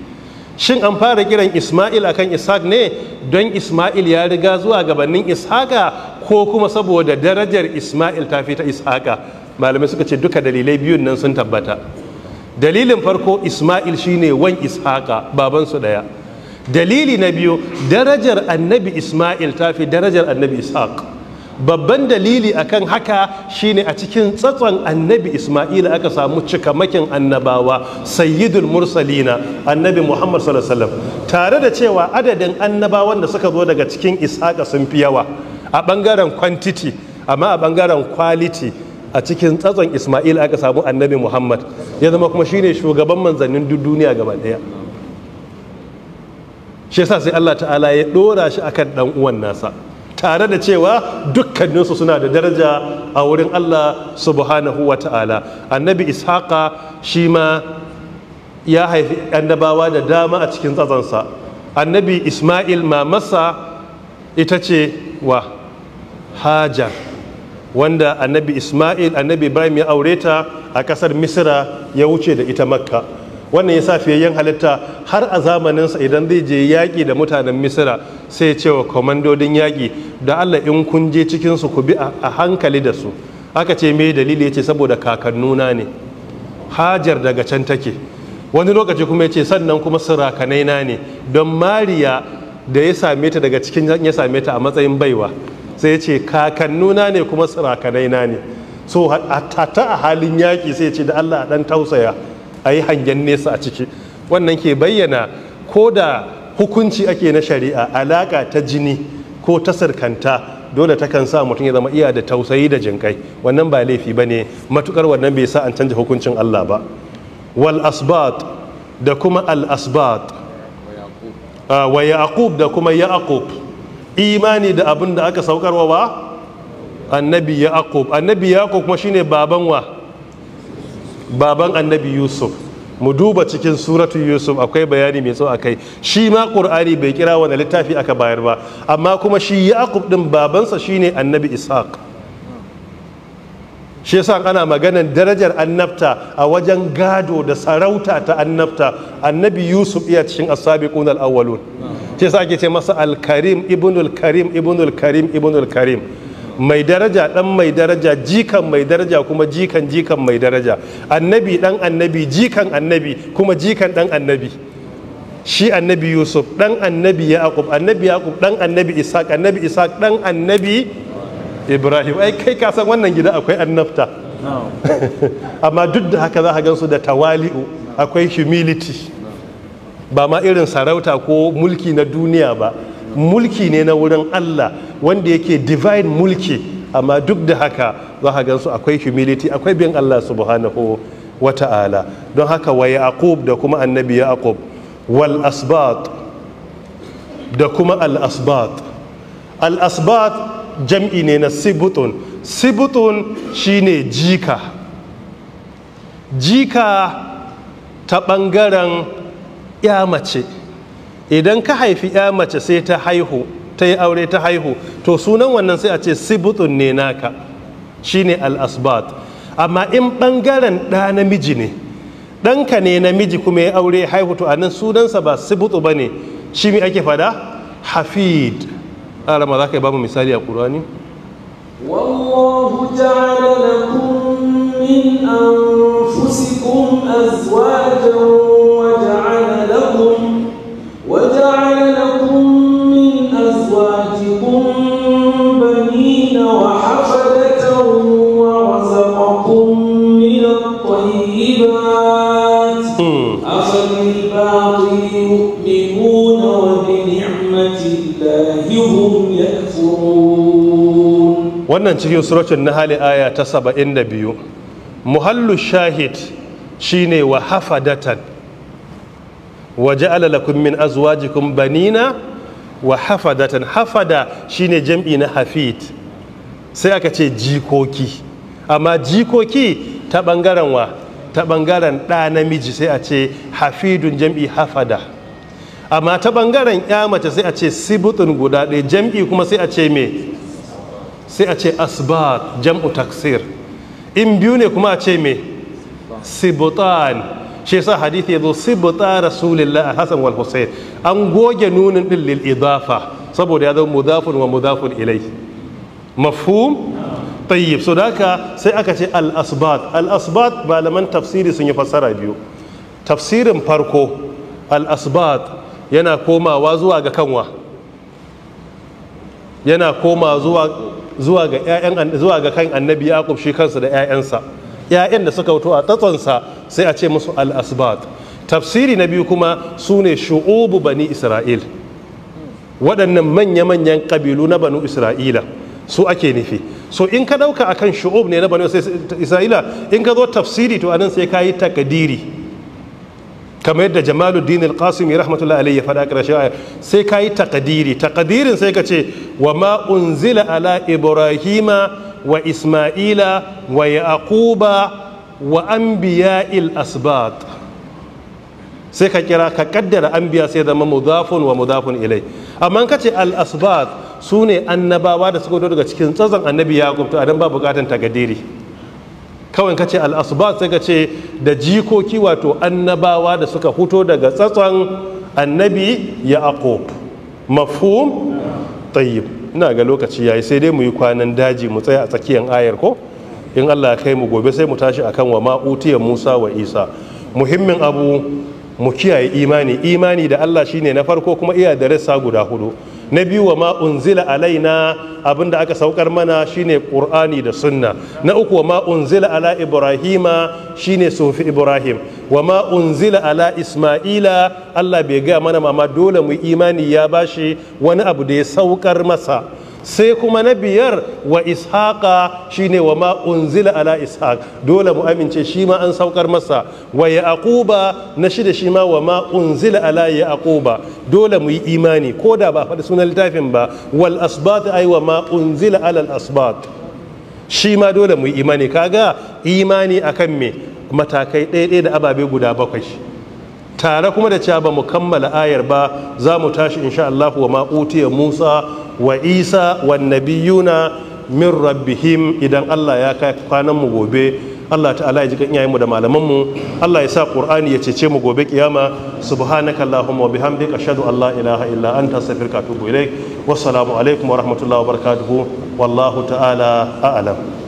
shin an fara kiran isma'il akan ishaq ne don isma'il ya riga zuwa gabanin ishaqa ko kuma saboda darajar isma'il ta fi ta ishaqa malamai suka ce duka dalilai biyun nan sun tabbata dalilin farko isma'il shine wan ishaqa babansu ɗaya dalili na biyu darajar annabi isma'il ta fi darajar annabi ishaq babban dalili akan haka shine a cikin tsatson annabi isma'ila aka samu cikamakin annabawa sayyidul mursalina annabi muhammad sallallahu alaihi tare da cewa adadin annabawan da suka zo daga cikin isaka sun fi yawa a bangaren quantity amma a bangaren quality a cikin tsatson Isma'il aka samu annabi muhammad ya zama kuma shine shugaban manzannin duk duniya gaba daya shi yasa sai allah ta'ala ya dora shi akan dan uwan nasa tare da cewa dukkaninsu suna da daraja a wurin Allah subhanahu wa ta'ala annabi ishaqa shi ma ya haifi annabawa da dama a cikin tsazansa annabi isma'il Mamasa ita ce wa hajar wanda annabi isma'il annabi ibrahim ya aure ta a ƙasar misira ya wuce da ita makka wannan ya sa fiyayyen halitta har a zamaninsa idan zai je yaƙi da mutanen misira sai ce wa kwamandodin yaƙi da allah in kun je cikinsu ku bi a hankali da su aka ce mai dalili ya ce saboda kakannuna ne hajar daga can take wani lokaci kuma ya ce sannan kuma sirakanai na ne don mariya da ya same ta daga cikin ya same ta a matsayin baiwa sai ya ce kakannuna ne kuma sirakanai na ne so hatta a halin yaƙi sai ya ce da allah a ɗan tausaya a yi hangen nesa a ciki wannan ke bayyana ko da hukunci ake na shari'a alaƙa ta jini ko ta sarkanta dole ta kan sa mutum ya zama iya da tausayi da jinkai wannan ba laifi ba ne matukar wannan bai sa an canja hukuncin allah ba wal asbat da kuma al asbat wa yaqub ah, da kuma yaqub imani da abin da aka saukarwa ba annabi yaqub annabi yaqub kuma shine baban wa baban annabi yusuf mu duba cikin suratu yusuf akwai bayani mai tsawo akai shi ma qur'ani bai kira wani littafi aka bayar ba amma kuma shi yaqub din babansa shine annabi ishaq shi yasa ana maganan darajar annabta a wajen gado da sarauta ta annabta annabi yusuf iya cikin as-sabiqun al-awwalun shi yasa ake ce masa al-karim ibnul karim ibnul karim ibnul karim mai daraja dan mai daraja jikan mai daraja kuma jikan jikan mai daraja annabi dan annabi jikan annabi kuma jikan dan annabi shi annabi yusuf dan annabi yaqub annabi yaqub dan annabi isaq annabi isaq dan annabi ibrahim ai kai ka san wannan gida akwai annabta amma duk da haka za a gansu da tawali'u akwai humility ba ma irin sarauta ko mulki na duniya ba mulki ne na wurin Allah wanda yake divine mulki amma duk da haka za ka gansu akwai humility akwai bin Allah subhanahu wa ta'ala don haka wa yaqub da kuma annabi yaqub wal asbat da kuma al asbat al asbat jam'i ne na sibutun sibutun shine jika jika ta bangaren ya mace idan ka haifi ya mace sai ta haihu ta yi aure ta haihu to sunan wannan sai a ce sibutun ne naka shine al-asbat amma in bangaren ɗa namiji ne ɗanka ne namiji kuma ya aure haihu to anan sunansa ba sibutu ba ne shi mai ake fada hafid alama za ka yi ba mu misali a ƙurani wallahu wannan cikin suratun nahali aya ta saba'in da biyu muhallu shahid shine wa hafadatan wa ja'ala lakum min azwajikum banina wa hafadatan hafada shine jam'i na hafid sai aka ce jikoki amma jikoki ta bangaren wa ta bangaren ɗa namiji sai a ce hafidun jam'i hafada amma ta bangaren ya mace sai a ce sibutun guda ɗaya jam'i kuma sai a ce me sai a ce asbat jam'u taksir in biyu ne kuma a ce me sibutan shi sa hadithi zo sibuta rasulillah hasan wal husayn an goge nunin dillil idafa saboda ya zama mudafun wa mudafun ilai mafhum tayyib so daga sai aka ce al asbat al asbat malaman tafsiri sun yi fassara biyu tafsirin farko al asbat yana komawa zuwa ga kanwa yana koma zuwa zuwa ga kan annabi ya shi kansa da 'ya'yansa. Ya'yan da suka fito a tsatsonsa sai a ce musu al asbat tafsiri na biyu kuma sune shu'ubu bani isra'il waɗannan manya-manyan ƙabilu na banu isra'ila su ake nufi so in ka ɗauka akan shu'ub ne na banu isra'ila in ka zo tafsiri to anan sai ka yi takadiri kamar yadda jamaluddin al-qasim ya rahmatullahi alayhi ya faɗa aya sai kayi takadiri takadirin sai ka ce wa ma unzila ala ibrahima wa isma'ila wa yaquba wa anbiya'il asbat sai ka kira ka kaddara anbiya sai zama mudafun wa mudafun ilai amma ka ce al asbat sune annabawa da suka daga cikin tsazan annabi ya to adan ba bukatan takadiri kawai ka ce al'asbat sai ka ce da jikoki wato annabawa da suka fito daga tsatson annabi ya ako mafhum tayyib ina ga lokaci yayi sai dai mu yi kwanan daji mu tsaya a tsakiyar ayar ko in Allah ya kai mu gobe sai mu tashi akan wa ma'utiya Musa wa Isa muhimmin abu mu kiyaye imani imani da Allah shine na farko kuma iya da rassa guda hudu na biyu wa ma unzila alaina abinda aka saukar mana shine qur'ani da sunna na uku wa ma unzila ala ibrahima shine sufi ibrahim wa ma unzila ala isma'ila Allah bai ga mana ma dole mu imani ya bashi wani abu da ya saukar masa sai kuma na biyar wa ishaqa shine wa ma unzila ala ishaq dole mu amince shi ma an saukar masa wa yaquba na shida shi ma wa ma unzila ala yaquba dole mu yi imani ko da ba faɗi sunan littafin ba wal asbat ay wa ma unzila ala al asbat shi ma dole mu yi imani kaga imani akan me matakai ɗaya da ababe guda bakwai tare kuma da cewa ba mu kammala ayar ba za mu tashi insha Allah wa ma utiya Musa wa isa wa nabiyuna min rabbihim idan Allah ya kai kwanan mu gobe Allah ta'ala ya ji kan mu da malaman mu Allah ya sa Qur'ani ya cece mu gobe kiyama subhanaka allahumma wa bihamdika ashhadu an la ilaha illa anta astaghfiruka wa atubu ilaik wassalamu alaikum wa rahmatullahi wa barakatuh wallahu ta'ala a'lam